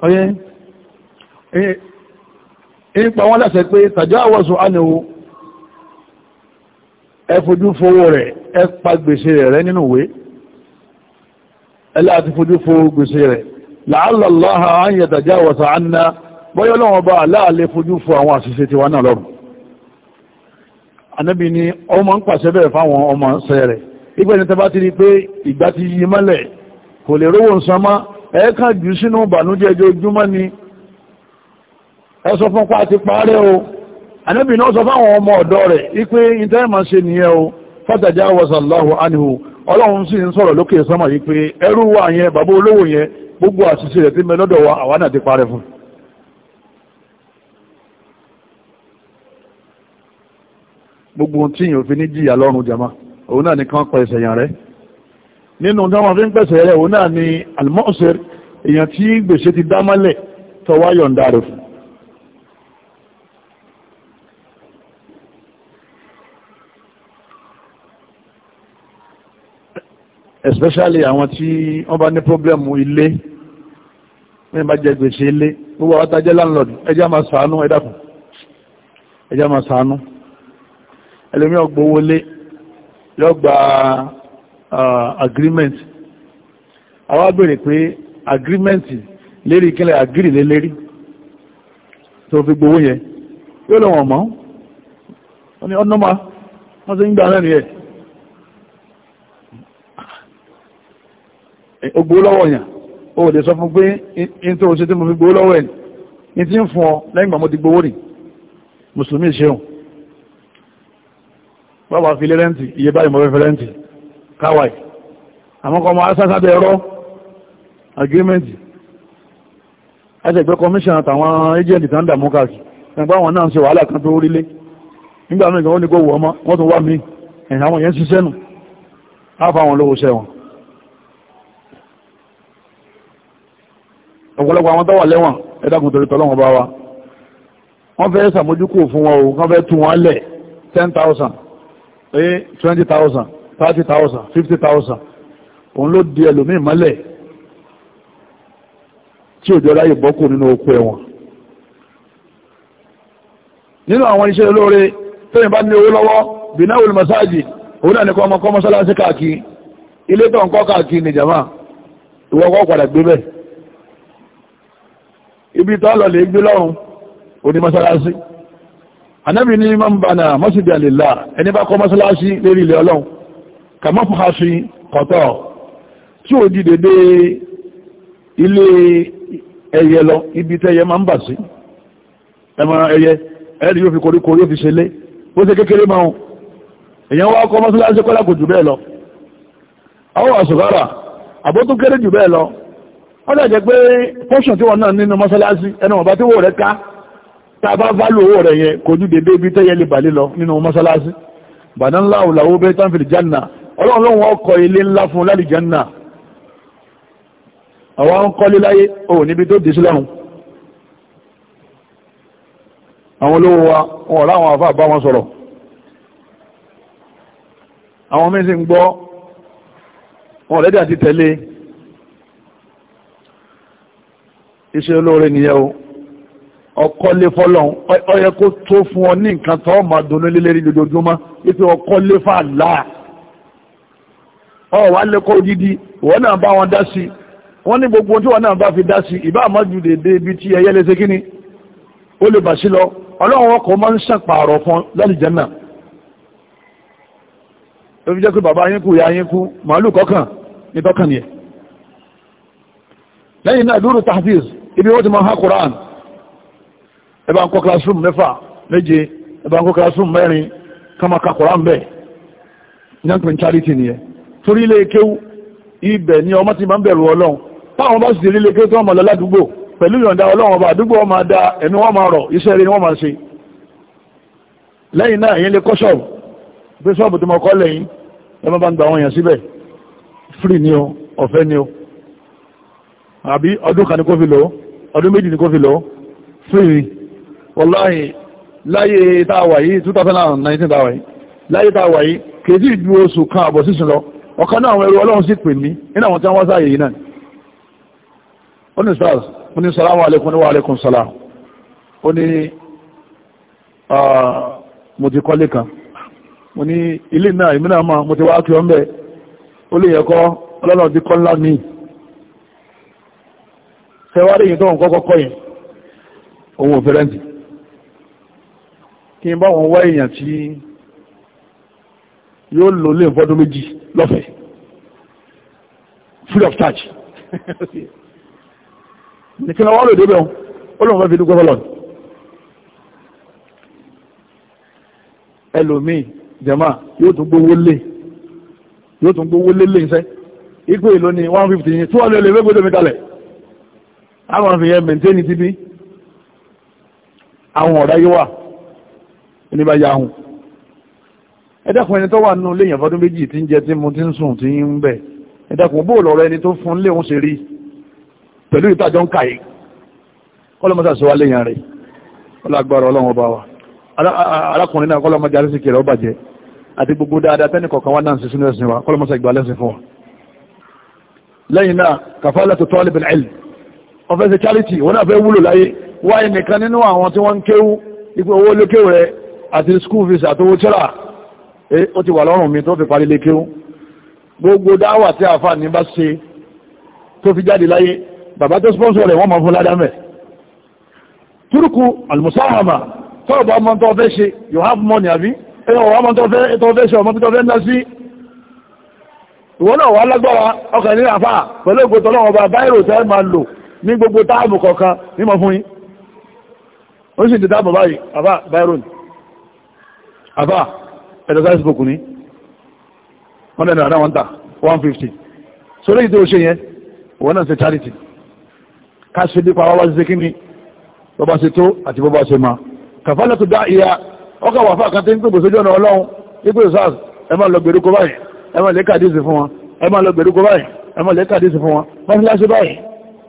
ọyẹ́ ń pa wọ́n láṣẹ pé tàjáwọ́sùn ánìwò ẹ fojú fowó rẹ̀ ẹ pa gbèsè rẹ̀ rẹ̀ nínú ìwé ẹ láti fojú fo gbèsè rẹ̀ la'allallaha an yatajáwọ́sùn ánà bọ́yọ́ bá aláàlẹ́ fojú fo àwọn àṣìṣe tiwa náà lọ́rùn anábì ni ma ń pàṣẹ bẹ́ẹ̀ fáwọn ọmọ ṣẹ́ rẹ̀ ìgbẹ́ ni ti rí pé ìgbà ti yí mọ́lẹ̀ kò lè rówó ẹ̀ẹ́kà jù sínú ni ẹ sọ fún pa ti parẹ́ o anábì náà sọ fáwọn ọmọ ọ̀dọ́ rẹ̀ ipé ìtẹ́ẹ̀mà ṣe nìyẹn o fàtàjá wasallahu anhu ọlọ́run sì ń sọ̀rọ̀ lókè yìí pé ẹrú yẹn bàbá gbogbo àṣìṣe rẹ̀ ti wa àwa náà ti parẹ́ gbogbo tí yìí ò fi ní jìyà lọ́rùn jama òun náà ni kán pẹ̀ ẹ̀sẹ̀ yàn rẹ̀ nínú tí fi ń pẹ̀sẹ̀ rẹ̀ òun náà ni almọ́ọ̀sẹ̀r èèyàn tí gbèsè ti dá tọwá yọ̀ǹda rẹ̀ fún especially àwọn tí wọ́n bá ní pọ́blẹ́mù ilé wọ́n bá jẹ gbèsè ilé gbogbo àwọn tajẹ́ láńlọ́dù ẹjá máa ṣàánú ẹ̀dàkùn ẹjá máa ṣàánú ẹlòmí ọgbówó lé yọ gba agreement àwọn abèrè pé agreement lérí ìkínlẹ̀ agiri lé lérí tó fi gbowó yẹn yóò lọ wọ̀n mọ́ wọ́n ni ọ́nọ́mà wọ́n ti ń gbà rẹ̀ ẹ̀ ogbó lọ́wọ́ yàn o lè sọ fún pé in tó ṣe tí mo fi gbowó lọ́wọ́ ẹ̀ ní tí ń fún ọ lẹ́yìn gbàmọ́ ti gbowó rìn mùsùlùmí ṣeun bọ́bá fi lé rẹ́ǹtì iye báyìí mọ́ fẹ́ rẹ́ǹtì káwàì àmọ́kọ́ mọ́ asásábẹ̀ ẹ̀rọ agreement ẹgbẹ́ commission àtàwọn agent tán dàmú káàkì ẹgbẹ́ àwọn náà ń ṣe wàhálà kan tó rílé nígbà mẹ́gbẹ́ wọ́n ní kó wọ́ wọ́n tún wá mí ẹ̀yìn àwọn yẹn ṣiṣẹ́ nù áfà àwọn olówó ṣẹ́ wọn ọ̀pọ̀lọpọ̀ àwọn tọ́wà lẹ́wọ̀n ẹ̀dàkùn torí 10,000 pé twenty thousand thirty thousand fifty thousand òun ló di ẹlòmíì mọ́lẹ̀ tí òjò láyè bọ́kù nínú oko ẹ̀wọ̀n nínú àwọn iṣẹ́ olóore tẹ́yìn bá ní owó lọ́wọ́ bìnà olùmọ̀sáàjì òun náà ní kọ́ ọmọkọ́ mọ́sálásí káàkiri ilé tó ń kọ́ káàkiri ní ìwọ kọ́ padà gbé bẹ́ẹ̀ ibi tó lọ lè gbé lọ́rùn òní mọ́sálásí anábì ní ma ń bá na masjid alìlá ẹni bá kọ́ mọ́sálásí lérí ilẹ̀ ọlọ́run ka mọ́ fún aṣí kọ̀tọ̀ tí ó di dédé ilé ẹyẹ lọ ibi tẹ́yẹ ma ń bà sí ẹmọ ẹyẹ ẹ̀rì yóò fi koríko yóò fi ṣẹlẹ̀ ó ṣe kékeré ma ń èyàn wá kọ́ mọ́sálásí kọ́lá kò jù bẹ́ẹ̀ lọ àwọn àṣùgbára àbótú kéré jù bẹ́ẹ̀ lọ wọ́n dẹ̀ pé pọ́ṣọ̀ tí wọ́n náà nínú mọ́sálásí ẹnu ọ̀bá tí wò rẹ̀ ká tàbá válù owó rẹ̀ yẹn kò ní dédé ibi tẹ́yẹ lè bàlé lọ nínú mọ́sálásí bàdá ńlá òlàwó bẹ́ tánfìlì jánà ọlọ́run ọkọ̀ ilé ńlá fún láti jánà àwọn ń kọ́lé láyé ò níbi tó dìísí lọ́hun àwọn olówó wa wọn ọ̀rá àwọn àfáà bá wọn sọ̀rọ̀ àwọn mí sì ń gbọ́ wọn ọ̀rẹ́dẹ̀ àti tẹ̀lé iṣẹ́ olóore nìyẹn o ọkọ́lé fọ́lọ́n ọyẹ kó tó fún ọ ní nǹkan tó máa dùnú lílé rí lójoojúmọ́ wípé ọkọ́lé fàlá ọwà lẹ́kọ́ òdìdí wọ́n náà bá wọn dá sí wọ́n ní gbogbo tí wọ́n náà bá fi dá sí ìbá àmájú dédé ibi tí ẹyẹ lè ṣe kíní ó lè bà sí lọ ọlọ́run ọkọ̀ máa ń ṣàpààrọ̀ fún lálìjánà ó fi jẹ́ pé bàbá yín kú ìyá yín kú màálù kọ́kàn ní tọ́kàn yẹn lẹ́yìn náà dúró tahfiz ibi wọ́n ti máa ń há Qur'an ẹ bá ń kọ́ classroom mẹ́fà méje ẹ bá ń kọ́ classroom mẹ́rin kama ka koran bẹ́ẹ̀ yẹn pè ń charity nìyẹn torí ilé kéwú ibẹ̀ ni ọmọ ti máa ń bẹ̀rù ọlọ́run táwọn bá sì ti lílé kéwú tó wọn mọ̀ lọ́ládùúgbò pẹ̀lú ìyọ̀ǹda ọlọ́run ọba àdúgbò wọn máa da ẹ̀mí wọn máa rọ̀ iṣẹ́ rẹ̀ ni wọ́n máa ṣe lẹ́yìn náà ìyẹn lè kọ́ ṣọ́ọ̀bù pé ṣọ́ọ̀bù tó mọ̀ kọ́ lẹ́yìn ẹ má bá ń gba àwọn èèyàn síbẹ̀ free ni o ọ̀fẹ́ ni o àbí ọdún kan ni kó fi lò ọdún méjì ni kó fi lò free ni wọláhì láyé táwà yìí 2019 táwà yìí láyé táwà yìí kèjì ìdú oṣù kan àbọ̀ sísun lọ ọ̀kan náà àwọn ẹrù ọlọ́run sì pè mí nínú àwọn tí wọ́n sáàyè yìí náà ó ní sars ó ní salamu alaikum ní wa alaikum salam ó ní mo ti kan mo ní ilé náà ìmú máa mo ti wá kí ọ ó lè yẹ̀kọ́ ọlọ́run ti kọ́ kí n bá wọn wá èèyàn tí yóò lò lè fọdún méjì lọ́fẹ̀ẹ́ free of charge nìkan wọ́n lò débẹ̀ ó lòun fẹ́ fi dúpẹ́ bọ́lọ̀ ẹlòmíì jẹ̀mà yóò tún gbówó lé yóò tún gbówó lé lé iṣẹ́ ipò èlò ni 150 yìí tí wọ́n lè lè gbẹ́gbẹ́dọ̀ mi kalẹ̀ àwọn àfihàn maintain ti bí àwọn ọ̀rá yíwà ẹni bá yahun ẹ̀dàkùn ẹni tó wà nínú léèyàn fọdún méjì tí ń jẹ tí mo ti ń sùn tí ń bẹ̀ ẹ̀dàkùn bó lọ́rọ̀ ẹni tó fún léèhun ṣe rí pẹ̀lú ìtajọ́ ń kàyé kọ́lọ́mọ́sà sọ wá léèyàn rẹ̀ ọlágbára ọlọ́run ọba wa arákùnrin náà kọ́lọ́mọ́jà lẹ́sìn kẹrẹ ọbàjẹ́ àti gbogbo dáadáa tẹ́nì kọ̀ọ̀kan wá náà sísínú ẹ̀sìn wa kọ́lọ́mọ́sà ìgbà lẹ́sìn fún wa lẹ́yìn náà kàfàlà tó tọ́lẹ̀ bẹ̀rẹ̀ ẹ̀lì ọfẹ́sẹ̀ charity wọ́n náà fẹ́ wúlò láyé wáyé nìkan nínú àwọn tí wọ́n ń kéwú ipò owó olókéwù àti school fees àtowó tíra ó ti wà lọ́rùn mi tó fi parí lékéú gbogbo dáwà tí àfà ní bá ṣe tó fi jáde láyé bàbá tó sponsor rẹ̀ wọ́n máa fún ládámẹ̀ túrùkù almusahama tọ́ọ̀bù ọmọ tó fẹ́ ṣe you have money àbí ẹwọ̀ ọmọ tó fẹ́ ṣe ọmọ tó fẹ́ ń dá sí ìwọ́n náà wà lágbára ọkàn ní àfà pẹ̀lú ògbótọ́ náà ọba báyìrò tẹ́ máa lò ní gbogbo táàmù kọ̀ọ̀kan àbá ẹ̀dọ̀ sáà ìsìnkú ní wọ́n lẹ́nu àdá wọn tà 150 So ìdí ó ṣe yẹn wọ́n náà ṣe charity ká ṣe bí pa wáwá ṣe kí ni bọ́bá ṣe tó àti bọ́bá ṣe ma kàfálà tó dá ìyá ọkà wà fáà kan tí ń pè bòṣojú ọ̀nà ọlọ́run ipò sars ẹ máa lọ gbèrúkọ báyìí ẹ máa lè kàdísì fún wọn ẹ máa lọ gbèrúkọ báyìí ẹ máa lè kàdísì fún wọn mọ́síláṣí báyìí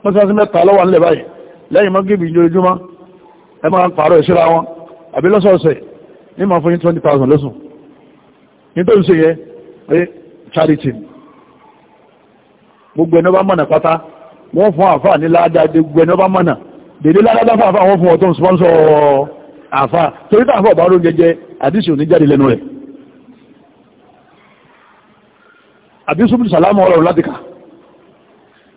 mọ́síláṣí mẹ́ta lọ́wọ́ nílẹ̀ báyìí lẹ́yìn mọ́gìbì ìjọ ojúmọ́ ẹ máa pààrọ̀ ìṣúra wọn àbí lọ́sọ̀ọ̀sẹ̀ ní ma fún yín 20,000 lọ́sùn ní tó ń ṣe yẹ pé charity gbogbo ẹni ọba mọ̀nà pátá wọ́n fún àfà ní ládàá gbogbo ẹni ọba mọ̀nà dèdè ládàá fún àfà wọ́n fún ọ̀tọ́ sponsor àfà torí tá àfà ọ̀bárò jẹjẹ àdísì òní jáde lẹ́nu rẹ̀ àdísù bí sàlámù ọ̀rọ̀ láti kà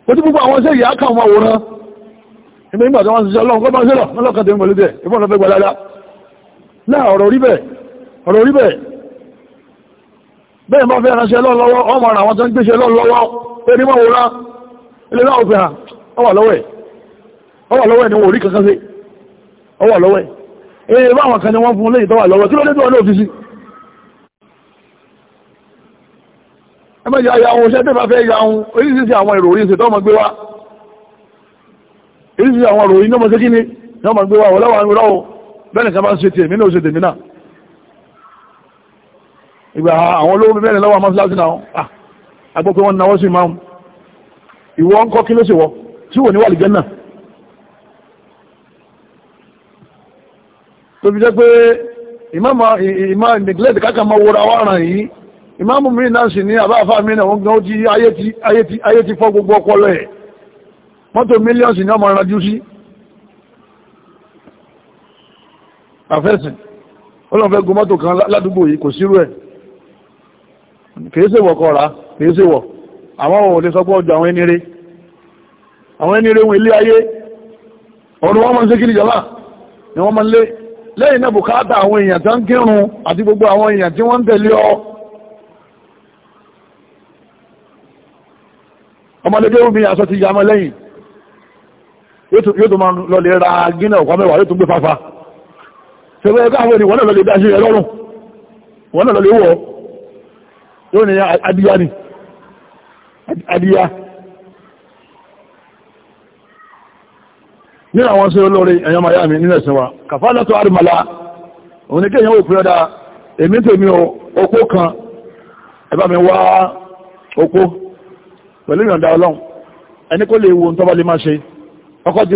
ó ti gbogbo àwọn iṣẹ́ ìyá kà wọn àwòrán ìgbẹ́ ìgbà tí wọ́n ń ṣiṣẹ́ ọlọ́run kọ́ bá ń ṣe lọ ọlọ́kàn tẹ̀mí pẹ̀lú tẹ̀ ìfọ́n lọ́fẹ́ gbàdáadáa láà ọ̀rọ̀ rí bẹ́ẹ̀ ọ̀rọ̀ rí bẹ́ẹ̀ bẹ́ẹ̀ bá fẹ́ ránṣẹ́ lọ́wọ́ ọmọ ara àwọn tó ń gbéṣẹ́ lọ́wọ́ ẹni mọ́ wòrán ilé náà òfin hàn ọwà lọ́wọ́ ẹ̀ ọwà lọ́wọ́ ẹ̀ ni wòrí kankan sí ọwà lọ́wọ́ ẹ̀ èyí bá àwọn kan ni wọ́n fún lẹ́yìn tọ́wà lọ́wọ́ kí ló dé tó wà ní òfìsí ẹ sí kí bẹ́ẹ̀ nìkan bá ń ṣe tiẹ̀ mí náà ó ṣe tèmi náà ìgbà àwọn olówó bẹ́ẹ̀ lọ́wọ́ amáṣíláṣí náà àgbọ́ pé wọ́n náwọ́ sí máa ń ìwọ ń kọ́ kí ló sì wọ́ tí wò ní wà lìgẹ́ náà tó fi jẹ́ pé ìmáàmù ìmìgílẹ̀dì káàkà máa wòrà wà yìí ìmáàmù mi náà sì ní àbáfà mi náà wọ́n gan ó ti ayé ti fọ́ gbogbo ọpọlọ ẹ̀ mọ́tò mílíọ̀nsì ní ọmọ ìrìnàjò sí àfẹ́sìn ọlọ́fẹ́ gun mọ́tò kan ládùúgbò yìí kò sírú ẹ̀ kìí ṣe wọ̀ kọ́ra kìí ṣe wọ̀ àwọn lè sọpọ̀ ọjọ́ àwọn ẹnire àwọn wọn ilé ayé wọn ni wọn gbogbo àwọn èèyàn tí wọ́n ń tẹ̀lé ọ ọmọdé aṣọ ti mọ́ lẹ́yìn yóò tó máa lọ lè ra sẹ́gbẹ́ ẹgbẹ́ àwọn ènìyàn lọ́lọ́ lè dáṣe ẹlọ́rùn wọ́n lọ́lọ́ lè wọ́ yóò ní adìyà ni adìyà nínú àwọn sí olórin ẹ̀yàn miami ní nílẹ̀ ìsinwa kàfàlẹ́ tó àrìmàlá òun ní kéèyàn òpin ọ̀dá èmi kan ẹbá mi wá okó pẹ̀lú ìyọ̀nda ọlọ́run ẹni kó lè wo ṣe ọkọ̀ ti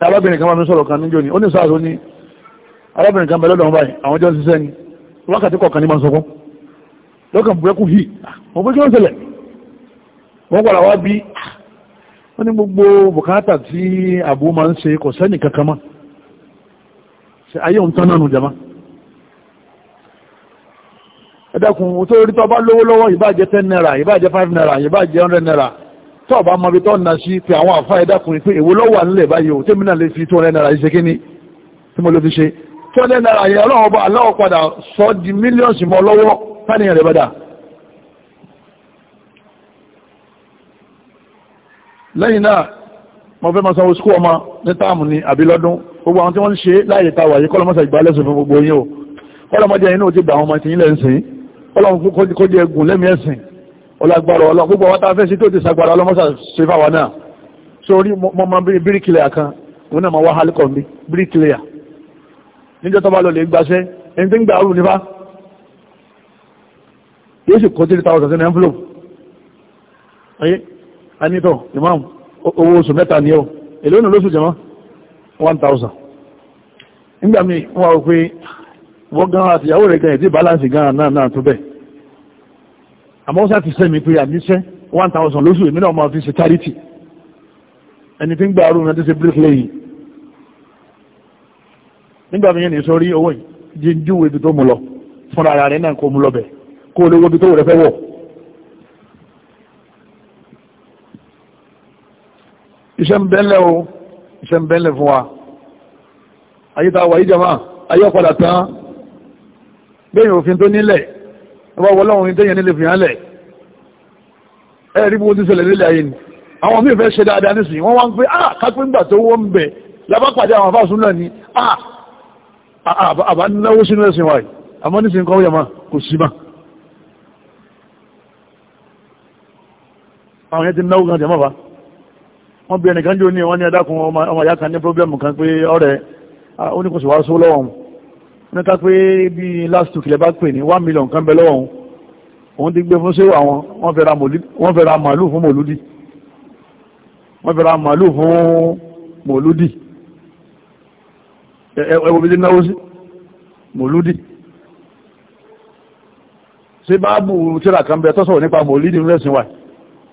arábìnrin kan bá mi sọ̀rọ̀ kan níjọ́ ni ó ní sáàrò ní arábìnrin kan bẹ̀lọ́dọ̀ wọn báyìí àwọn jọ ń ṣiṣẹ́ ni wákàtí kọ̀ọ̀kan ní máa sọ fún lọ́kàn búrẹ́kù yìí mo pé kí wọ́n ṣẹlẹ̀ wọ́n padà wá bí wọ́n ní gbogbo bùkátà tí àbú máa ń ṣe kò sẹ́nì kankan mọ́ ṣe ayé òun tán nánu jama ẹ naira ìbá five naira ìbá hundred naira tó ọba mọbi tó nà sí pé àwọn àfa ẹ̀dá kùnrin pé èwo lọ́wọ́ nílẹ̀ báyìí o tèmi náà lè fi tó ọ̀rẹ́ náírà ṣe kíní tí mo lè fi ṣe tó ọ̀rẹ́ náírà yẹn ọlọ́wọ́ bá aláwọ̀ padà sọ di mílíọ̀nsì mọ́ lọ́wọ́ fáníyàn rẹ̀ bàdà. lẹ́yìn náà mo fẹ́ máa sanwó sukú ọmọ ní táàmù ni àbí lọ́dún gbogbo àwọn tí wọ́n ń ṣe láàyè ta wàyí kọ́lọ́mọ́sà ìgbà lẹ́sùn fún gbogbo yín o kọ́lọ́mọdé yín náà ọlágbára ọlọ́ gbogbo àwọn tàbí sí tó ti sagbára ọlọ́mọ́sà ṣe fáwà náà sórí mọ́mọ́ bíríkìlẹ̀yà kan òun náà ma wá hálíkọ̀ bí bíríkìlẹ̀yà níjọ́ tó bá lọ lè gbaṣẹ́ ẹni tí ń gbà rù nífà yóò sì kó tírí tàwọn sínú envelope ayé anítọ̀ imam owó oṣù mẹ́ta ni ó èlé ònà lóṣù jẹmọ́ 1000 nígbà mi wọ́n wọ́n pé wọ́n gan àtìyàwó rẹ̀ gan ìdí balance gan náà náà tó bẹ́ẹ̀ àmọ́ ó sáà ti sẹ́mi pé àníṣẹ́ one thousand lóṣù èmi náà máa fi ṣe charity ẹni tí ń gba arúgbó náà ti ṣe bricklayer nígbà mi yẹn ní sọ rí owó yìí jíjúwe ibi tó mú lọ fúnra ara rẹ̀ náà kò mú lọ́bẹ̀ kó lówó ibi tó rẹ̀ fẹ́ wọ̀ iṣẹ́ ń bẹ́ńlẹ̀ o iṣẹ́ ń bẹ́ńlẹ̀ fún wa ayé ta wà yí jama ayé ọ̀padà tán bẹ́ẹ̀ òfin tó nílẹ̀ ọba wọlọ́run ní tẹ́yẹn nílé fìyàn lẹ̀ ẹ rí bí wọ́n ti ṣẹlẹ̀ nílé ayé ni àwọn míì fẹ́ ṣe dáadáa nísìnyí wọ́n wá ń pé ah kápẹ́ ńgbà tó wọ́n ń bẹ̀ lábápàdé àwọn afáàsùn náà ni ah, ah àbá náwó sínú ẹ̀sìn wáyé àmọ́ nísìnyí kọ́ yàmá kò sí mà àwọn yẹn ti náwó gan jẹ́mọ́ bá wọ́n bí ẹnìkan jò ní wọ́n ní ẹ̀dákun ọmọ ìyá kan ní pírọ́blẹ́mù kan pé ọ̀rẹ́ oníkùsùwà ah, sólọ́wọ́n níta pé bí last week lẹ́bá pè ní One million kan bẹ lọ́wọ́ òun ti gbé fún síwò àwọn wọ́n fẹ́ ra màálù fún mòlúdì wọ́n fẹ́ ra màálù fún mòlúdì ẹwọ́ bí náwó sí mòlúdì ṣe báàbù tíra kan bẹ tọ́sọ̀rọ̀ nípa mòlúdì ń rẹ̀sìn wà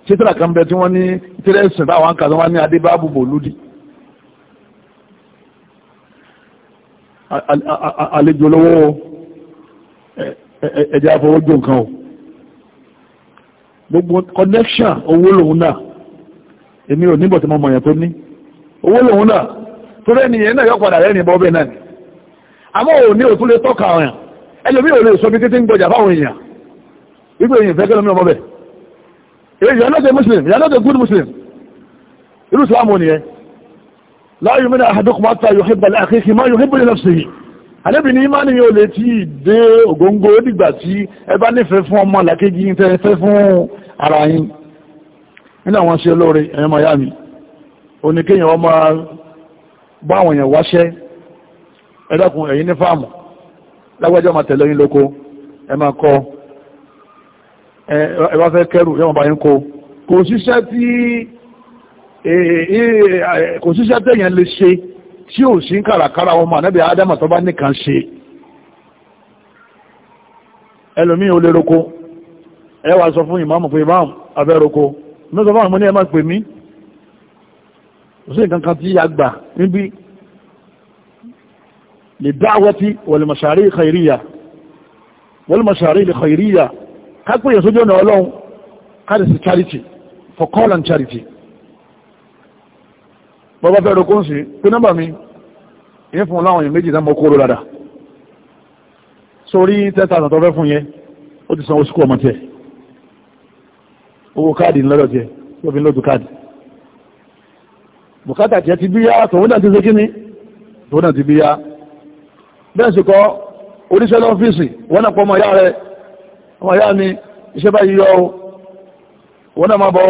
ṣe tíra kan bẹ tí wọ́n ní tírẹ̀sìn táwọn kan tó wá ní adé báàbù mòlúdì àlejò lọ́wọ́ ẹjẹ́ àfọwọ́jọ́ nǹkan o gbogbo connection owó lòun náà èmi ò níbọ̀ tí mo mọ̀yàn tó ní owó lòun náà tó rẹ́ nìyẹn náà yọ́padà rẹ́ ní bọ́ọ̀bẹ̀ náà ni àmọ́ ò ní òtún lè tọ́ka ọ̀yàn ẹlòmí ò lè sọ bí títí ń gbọjà fáwọn èèyàn wípé èèyàn fẹ́ kẹ́lọ́mí ọmọ bẹ̀ you are not a Muslim you are not a good Muslim irú Islam nìyẹn láàyè mìíràn àdókùn máa ta yòókè balẹ̀ àkéèké máa yòókè bẹ̀rẹ̀ lọ́sẹ̀ yìí àlébi ní ìmánì yóò lè tí ì dé ògóńgó dìgbà tí ẹ bá nífẹ̀ẹ́ fún ọmọ làkejì ń tẹ́ fún ara yín nínú àwọn ṣe olóore ẹ̀yàn miami oníkéyàn ọmọ bá àwọn èèyàn wáṣẹ́ ẹ dákun ẹ̀yin ní fáàmù lágbájọ́ máa tẹ̀lé yín lóko ẹ máa kọ́ ẹ bá fẹ́ kẹrù yọ́n bá yín kó kò síṣẹ́ tí kò síṣẹ́ tẹ̀yàn lè ṣe tí ò sí kàràkàrà ọmọ ànábì ádámà tó bá nìkan ṣe ẹlòmíì ò lè roko ẹ wá sọ fún ìmáàmù pé ìmáàmù abẹ́ roko ní sọ fáwọn ọmọ ní ẹ má pè mí kò sí nǹkan for call and charity bọ́bá fẹ́ rokó ń sí pé nọ́mbà mi yẹn fún láwọn èèyàn méjì dámọ́ kóró dáadáa sórí tẹ́ta àtàtọ́ fẹ́ fún yẹn ó ti san oṣù kọ́ ọmọ tiẹ̀ owó káàdì ńlọ́dọ̀ tiẹ̀ tó fi lóòtú káàdì bùkátà tiẹ̀ ti bíyá tòun náà ti ṣe kíní tòun náà ti bíyá bẹ́ẹ̀ sì kọ́ oníṣẹ́ lọ́fíìsì wọ́n náà pọ̀ ọmọ ìyá rẹ̀ ọmọ ìyá mi iṣẹ́ báyìí yọ wọ́n náà máa bọ̀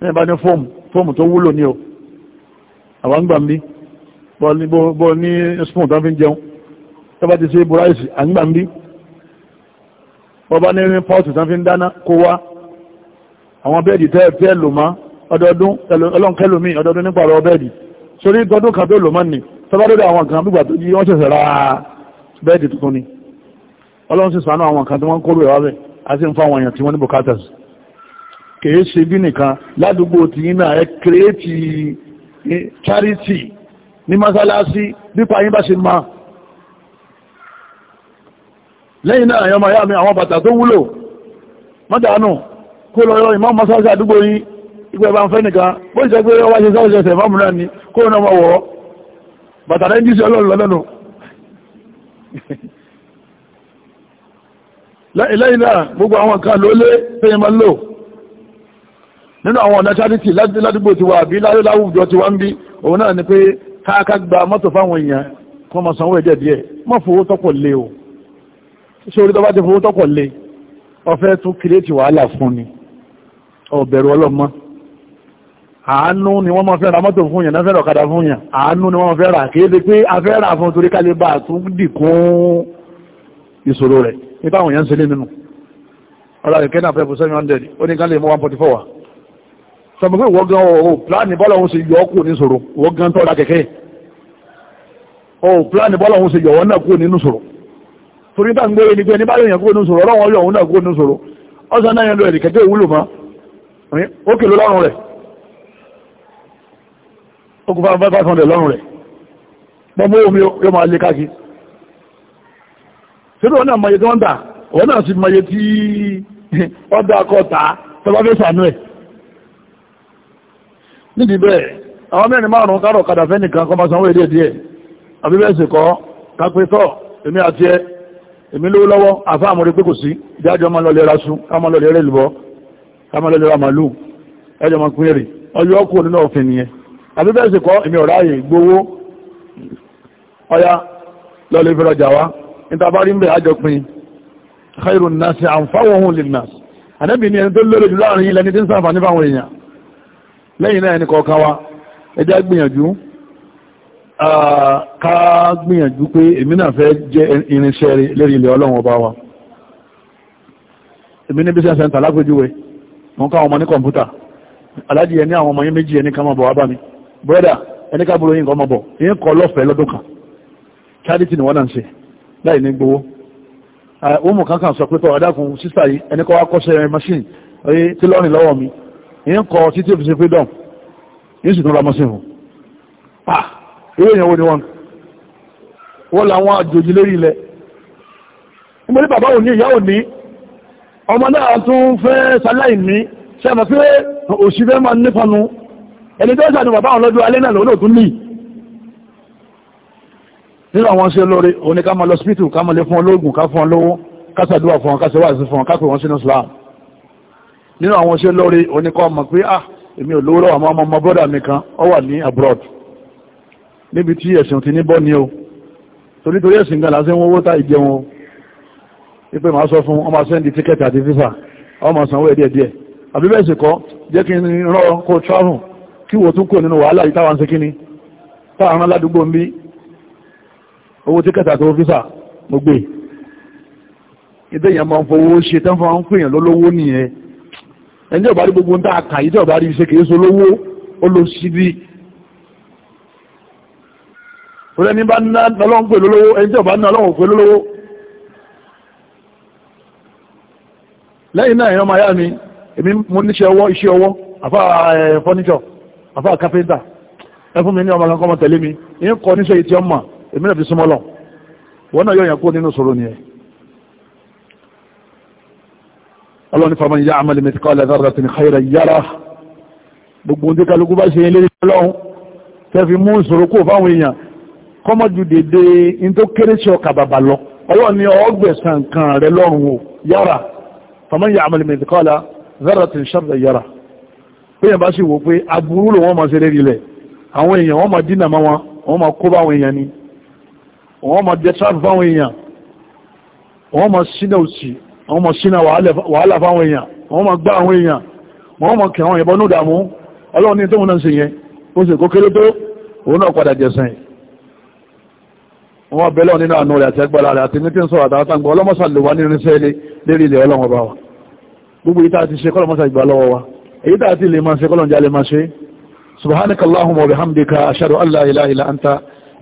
ní ẹ̀bá ní fóòmù fóòmù tó wúlò ní o àwọn gbà ń bí bọ́ ní spoon tó fi ń jẹun tó bá ti ṣe buráìsì à ń gbà ń bí bọ́ bá ní rí pọ́ọ̀tù tó fi ń dáná kó wá àwọn bẹ́ẹ̀dì tẹ́ẹ̀ lò má ọdọọdún ọlọ́nkẹ́lòmí ọdọọdún nípa ọ̀rọ̀ bẹ́ẹ̀dì sórí gọdún kan tó kèé ṣe bí nìkan ládùúgbò tí yín náà ẹ kìrìtì charity ní mọ́sálásí nípa yín bá ṣe máa lẹ́yìn náà àyọ́mọ̀ ayá mi àwọn bàtà tó wúlò mọ́dánù kó lọ yọ ìmọ́ mọ́sálásí àdúgbò yín ìgbẹ́ bá ń fẹ́ nìkan bó ṣe pé ọwá ṣe sọ́ọ̀ṣẹ̀ ṣẹ̀ fámù náà ni kó náà mọ̀ wọ́ bàtà rẹ̀ ń jíṣẹ́ ọlọ́run lọ́nà lẹ́yìn náà gbogbo àwọn kan ló lé tẹ́yìn máa lò nínú àwọn ọ̀nà charity ládùúgbò ti wà bí láyé láwùjọ ti wá ń bí òun náà ni pé káàká gba mọ́tò fáwọn èèyàn kọ́ ma sanwó ẹ̀jẹ̀ díẹ̀ má fowó tọ́pọ̀ lé o ṣé orí tọ́bá ti fowó tọ́pọ̀ lé ọ̀fẹ́ tún kìrìtì wàhálà fún ni ọ̀bẹ̀rù ọlọ́mọ àánú ni wọ́n máa fẹ́ ra mọ́tò fún yàn náà fẹ́ràn ọ̀kadà fún yàn àánú ni wọ́n fẹ́ rà kéde pé afẹ́rà fún torí kálí bá tún dìkún ìṣòro rẹ̀ nípa àwọn èèyàn ń ṣe lé nínú ọlọ́rin kẹ́nà fẹ́ fún 700 ó ní kálí 144 sọmọ wọ́n gan ọ̀hún pláàni bọ́lá òun ṣe yọ ọ́ ní ṣòro wọ́n gan tọ́ra kẹ̀kẹ́ ọ̀hún pláàni bọ́lá òun ṣe yọ ọ́n náà nínú ṣòro torí tá ń gbé ní pé ní báyìí yẹn kúrò nínú ṣòro ọlọ́run yọ òun náà kúrò nínú ṣòro ọ̀sán náà yẹn lọ ẹ̀rì kẹ̀kẹ́ ìwúlò mọ́ ó kèlò lọ́rùn rẹ̀ ó kú fáwọn bá sọ̀rọ̀ lọ́rùn rẹ̀ mọ́mọ́ omi yóò máa lé káàkiri ṣé lóun náà tí wọ́n dà òun náà sì tí wọ́n dà kọ́ ta tọ́ba fẹ́ sànú ẹ̀ nídìí bẹ́ẹ̀ àwọn mẹ́rin márùn-ún kárọ̀ kadà fẹ́ nìkan kọ́ máa sanwó èdè díẹ̀ àbí bẹ́ẹ̀ sì kọ́ kápẹ́ tọ́ èmi àti ẹ èmi lówó lọ́wọ́ àfá àmúrí pé kò sí ìdájọ́ máa lọlẹ́ rasu ká máa lọlẹ́ rẹ̀lùbọ́ ká máa lọlẹ́ ramalu ẹjọ́ máa pín èrè ọjọ́ kú nínú òfin nìyẹn àbí bẹ́ẹ̀ sì kọ́ èmi ọ̀rá yìí gbowó ọya lọlẹ́ fi nasi anfa'uhum lin nas ànábì ni ẹni tó lórí lẹ́yìn náà ẹni kọ̀ọ̀kan wa ẹjá gbìyànjú ká gbìyànjú pé èmi náà fẹ́ jẹ́ irinṣẹ́ lérí ilẹ̀ ọlọ́run ọba wa èmi ní business center lápẹjúwe wọn káwọn ọmọ ní kọ̀mpútà aláàjì ẹni àwọn ọmọ yín méjì ẹni ká máa bọ̀ wá bá mi brọ́dà ẹni ká búrò yín kọ́ máa bọ̀ yín kọ́ lọ́fẹ̀ẹ́ lọ́dún kan charity ni wọ́n náà ń ṣe láì ní gbowó ọmọ kankan sọ pé tọ́ adákun sísà yìí ẹni kọ́ wá kọ́ṣẹ́ machine tí lọ́rìn lọ́wọ́ mi ń kọ títí òfin ṣe freedom yìí sì tún ra mọ́sí fún pa ah, irú èèyàn wo ni wọn wọ́n làwọn àjòjì lérí ilẹ̀ nígbà ní bàbá òní ìyá òní ọmọ náà tún fẹ́ sáláì ní ṣe àmọ́ pé òṣì fẹ́ máa nífanu ẹni tó ṣàdùn bàbá àwọn lọ́dún alẹ́ náà lòun náà tún ní nínú àwọn ṣe lórí òní ká máa lọ sípítù ká máa lè fún ológun ká fún ọ lówó ká ṣàdúrà fún ọ ká ṣe wáàsí fún ọ sínú Islam nínú àwọn iṣẹ́ lórí oníkọ́ ọmọ pé ah èmi ò lówó lọ́wọ́ ọmọ ọmọ brọ́dà mi kan ọ wà ní abroad níbi tí ẹ̀sìn ti ní bọ́ ni o torí torí ẹ̀sìn kan lásán owó tá ìjẹun o wípé màá sọ fún ọmọ sẹ́ndì tíkẹ́tì àti fífà ọmọ sanwó ẹ̀díẹ̀ díẹ̀ àbí bẹ́ẹ̀ sì kọ́ jẹ́ kí n rán kó travel kí wò tún kò nínú wàhálà yìí táwọn ṣe kíni táwọn ará ládùúgbò ń bí owó tíkẹ́tì àti fífà mo gbé ìdẹ́yìn máa ń fowó ṣe tán fún àwọn pèèyàn lólówó nìyẹn ẹni ọba rí gbogbo ń tá a kà yìí tí ọba rí iṣẹ́ kìí so lówó ó lọ sí bí. torí ẹni bá ná ọlọ́run pè lólówó ẹni tí ọba ná ọlọ́run pè lólówó. lẹ́yìn náà ẹ̀yàn máa yá mi èmi mo níṣẹ́ ọwọ́ iṣẹ́ ọwọ́ àfa fọ́níṣọ̀ àfa káfíńtà ẹ fún mi ní ọmọ kankan ọmọ tẹ̀lé mi ìyẹn kọ níṣẹ́ ìtì ọmọ èmi náà fi súnmọ́ lọ wọn náà yọ ọlọ́ni fọmọ ìyá àmàlì mẹ́tíkọ́lẹ̀ zarrati ní khayra yára gbogbo ní kálukú bá ṣe ilé ọlọ́run tẹ́fi mú ìṣòro kó fáwọn èèyàn kọ́mọ̀jù dédé in tó kéré sí ọkà bàbà lọ ọlọ́ni ọgbẹ̀sán kan rẹ lọ́rùn o yára fọmọ ìyá àmàlì mẹ́tíkọ́lẹ̀ zarrati ní sharra yára péyàn bá sì wò pé aburú lòun ọmọ ṣe lérí ilẹ̀ àwọn èèyàn wọ́n máa dínà mọ́ wọn wọ́n máa kó báwọn èèyàn ni wọ́n máa jẹ́ tráfù fáwọn èèyàn wọ́n máa sínà òsì àwọn ọmọ sínà wàhálà fáwọn èèyàn wọ́n ma gbá àwọn èèyàn wọ́n ma kẹ àwọn ìbọn ní ìdàmú ọlọ́run ní tó múnà sí yẹn ó sì kó kéré tó òun náà padà jẹ̀sìn wọ́n bẹ̀lọ́ nínú àánú rẹ̀ àti agbára rẹ̀ àti nítí ń sọ àtàtàǹgbọ́ ọlọ́mọ́sà lè wá nínú iṣẹ́ lérí ilẹ̀ ọlọ́run bá wa gbogbo yìí tá a ti ṣe kọ́lọ́mọ́sà ìgbà lọ́wọ́ wa èyí tá a ti lè máa ṣe kọ́lọ́njà lè máa ṣe subhanaka wa bihamdika ashhadu an la ilaha illa anta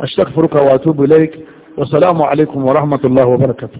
astaghfiruka wa atubu ilaik wa salaamu alaykum wa rahmatullahi wa barakatuh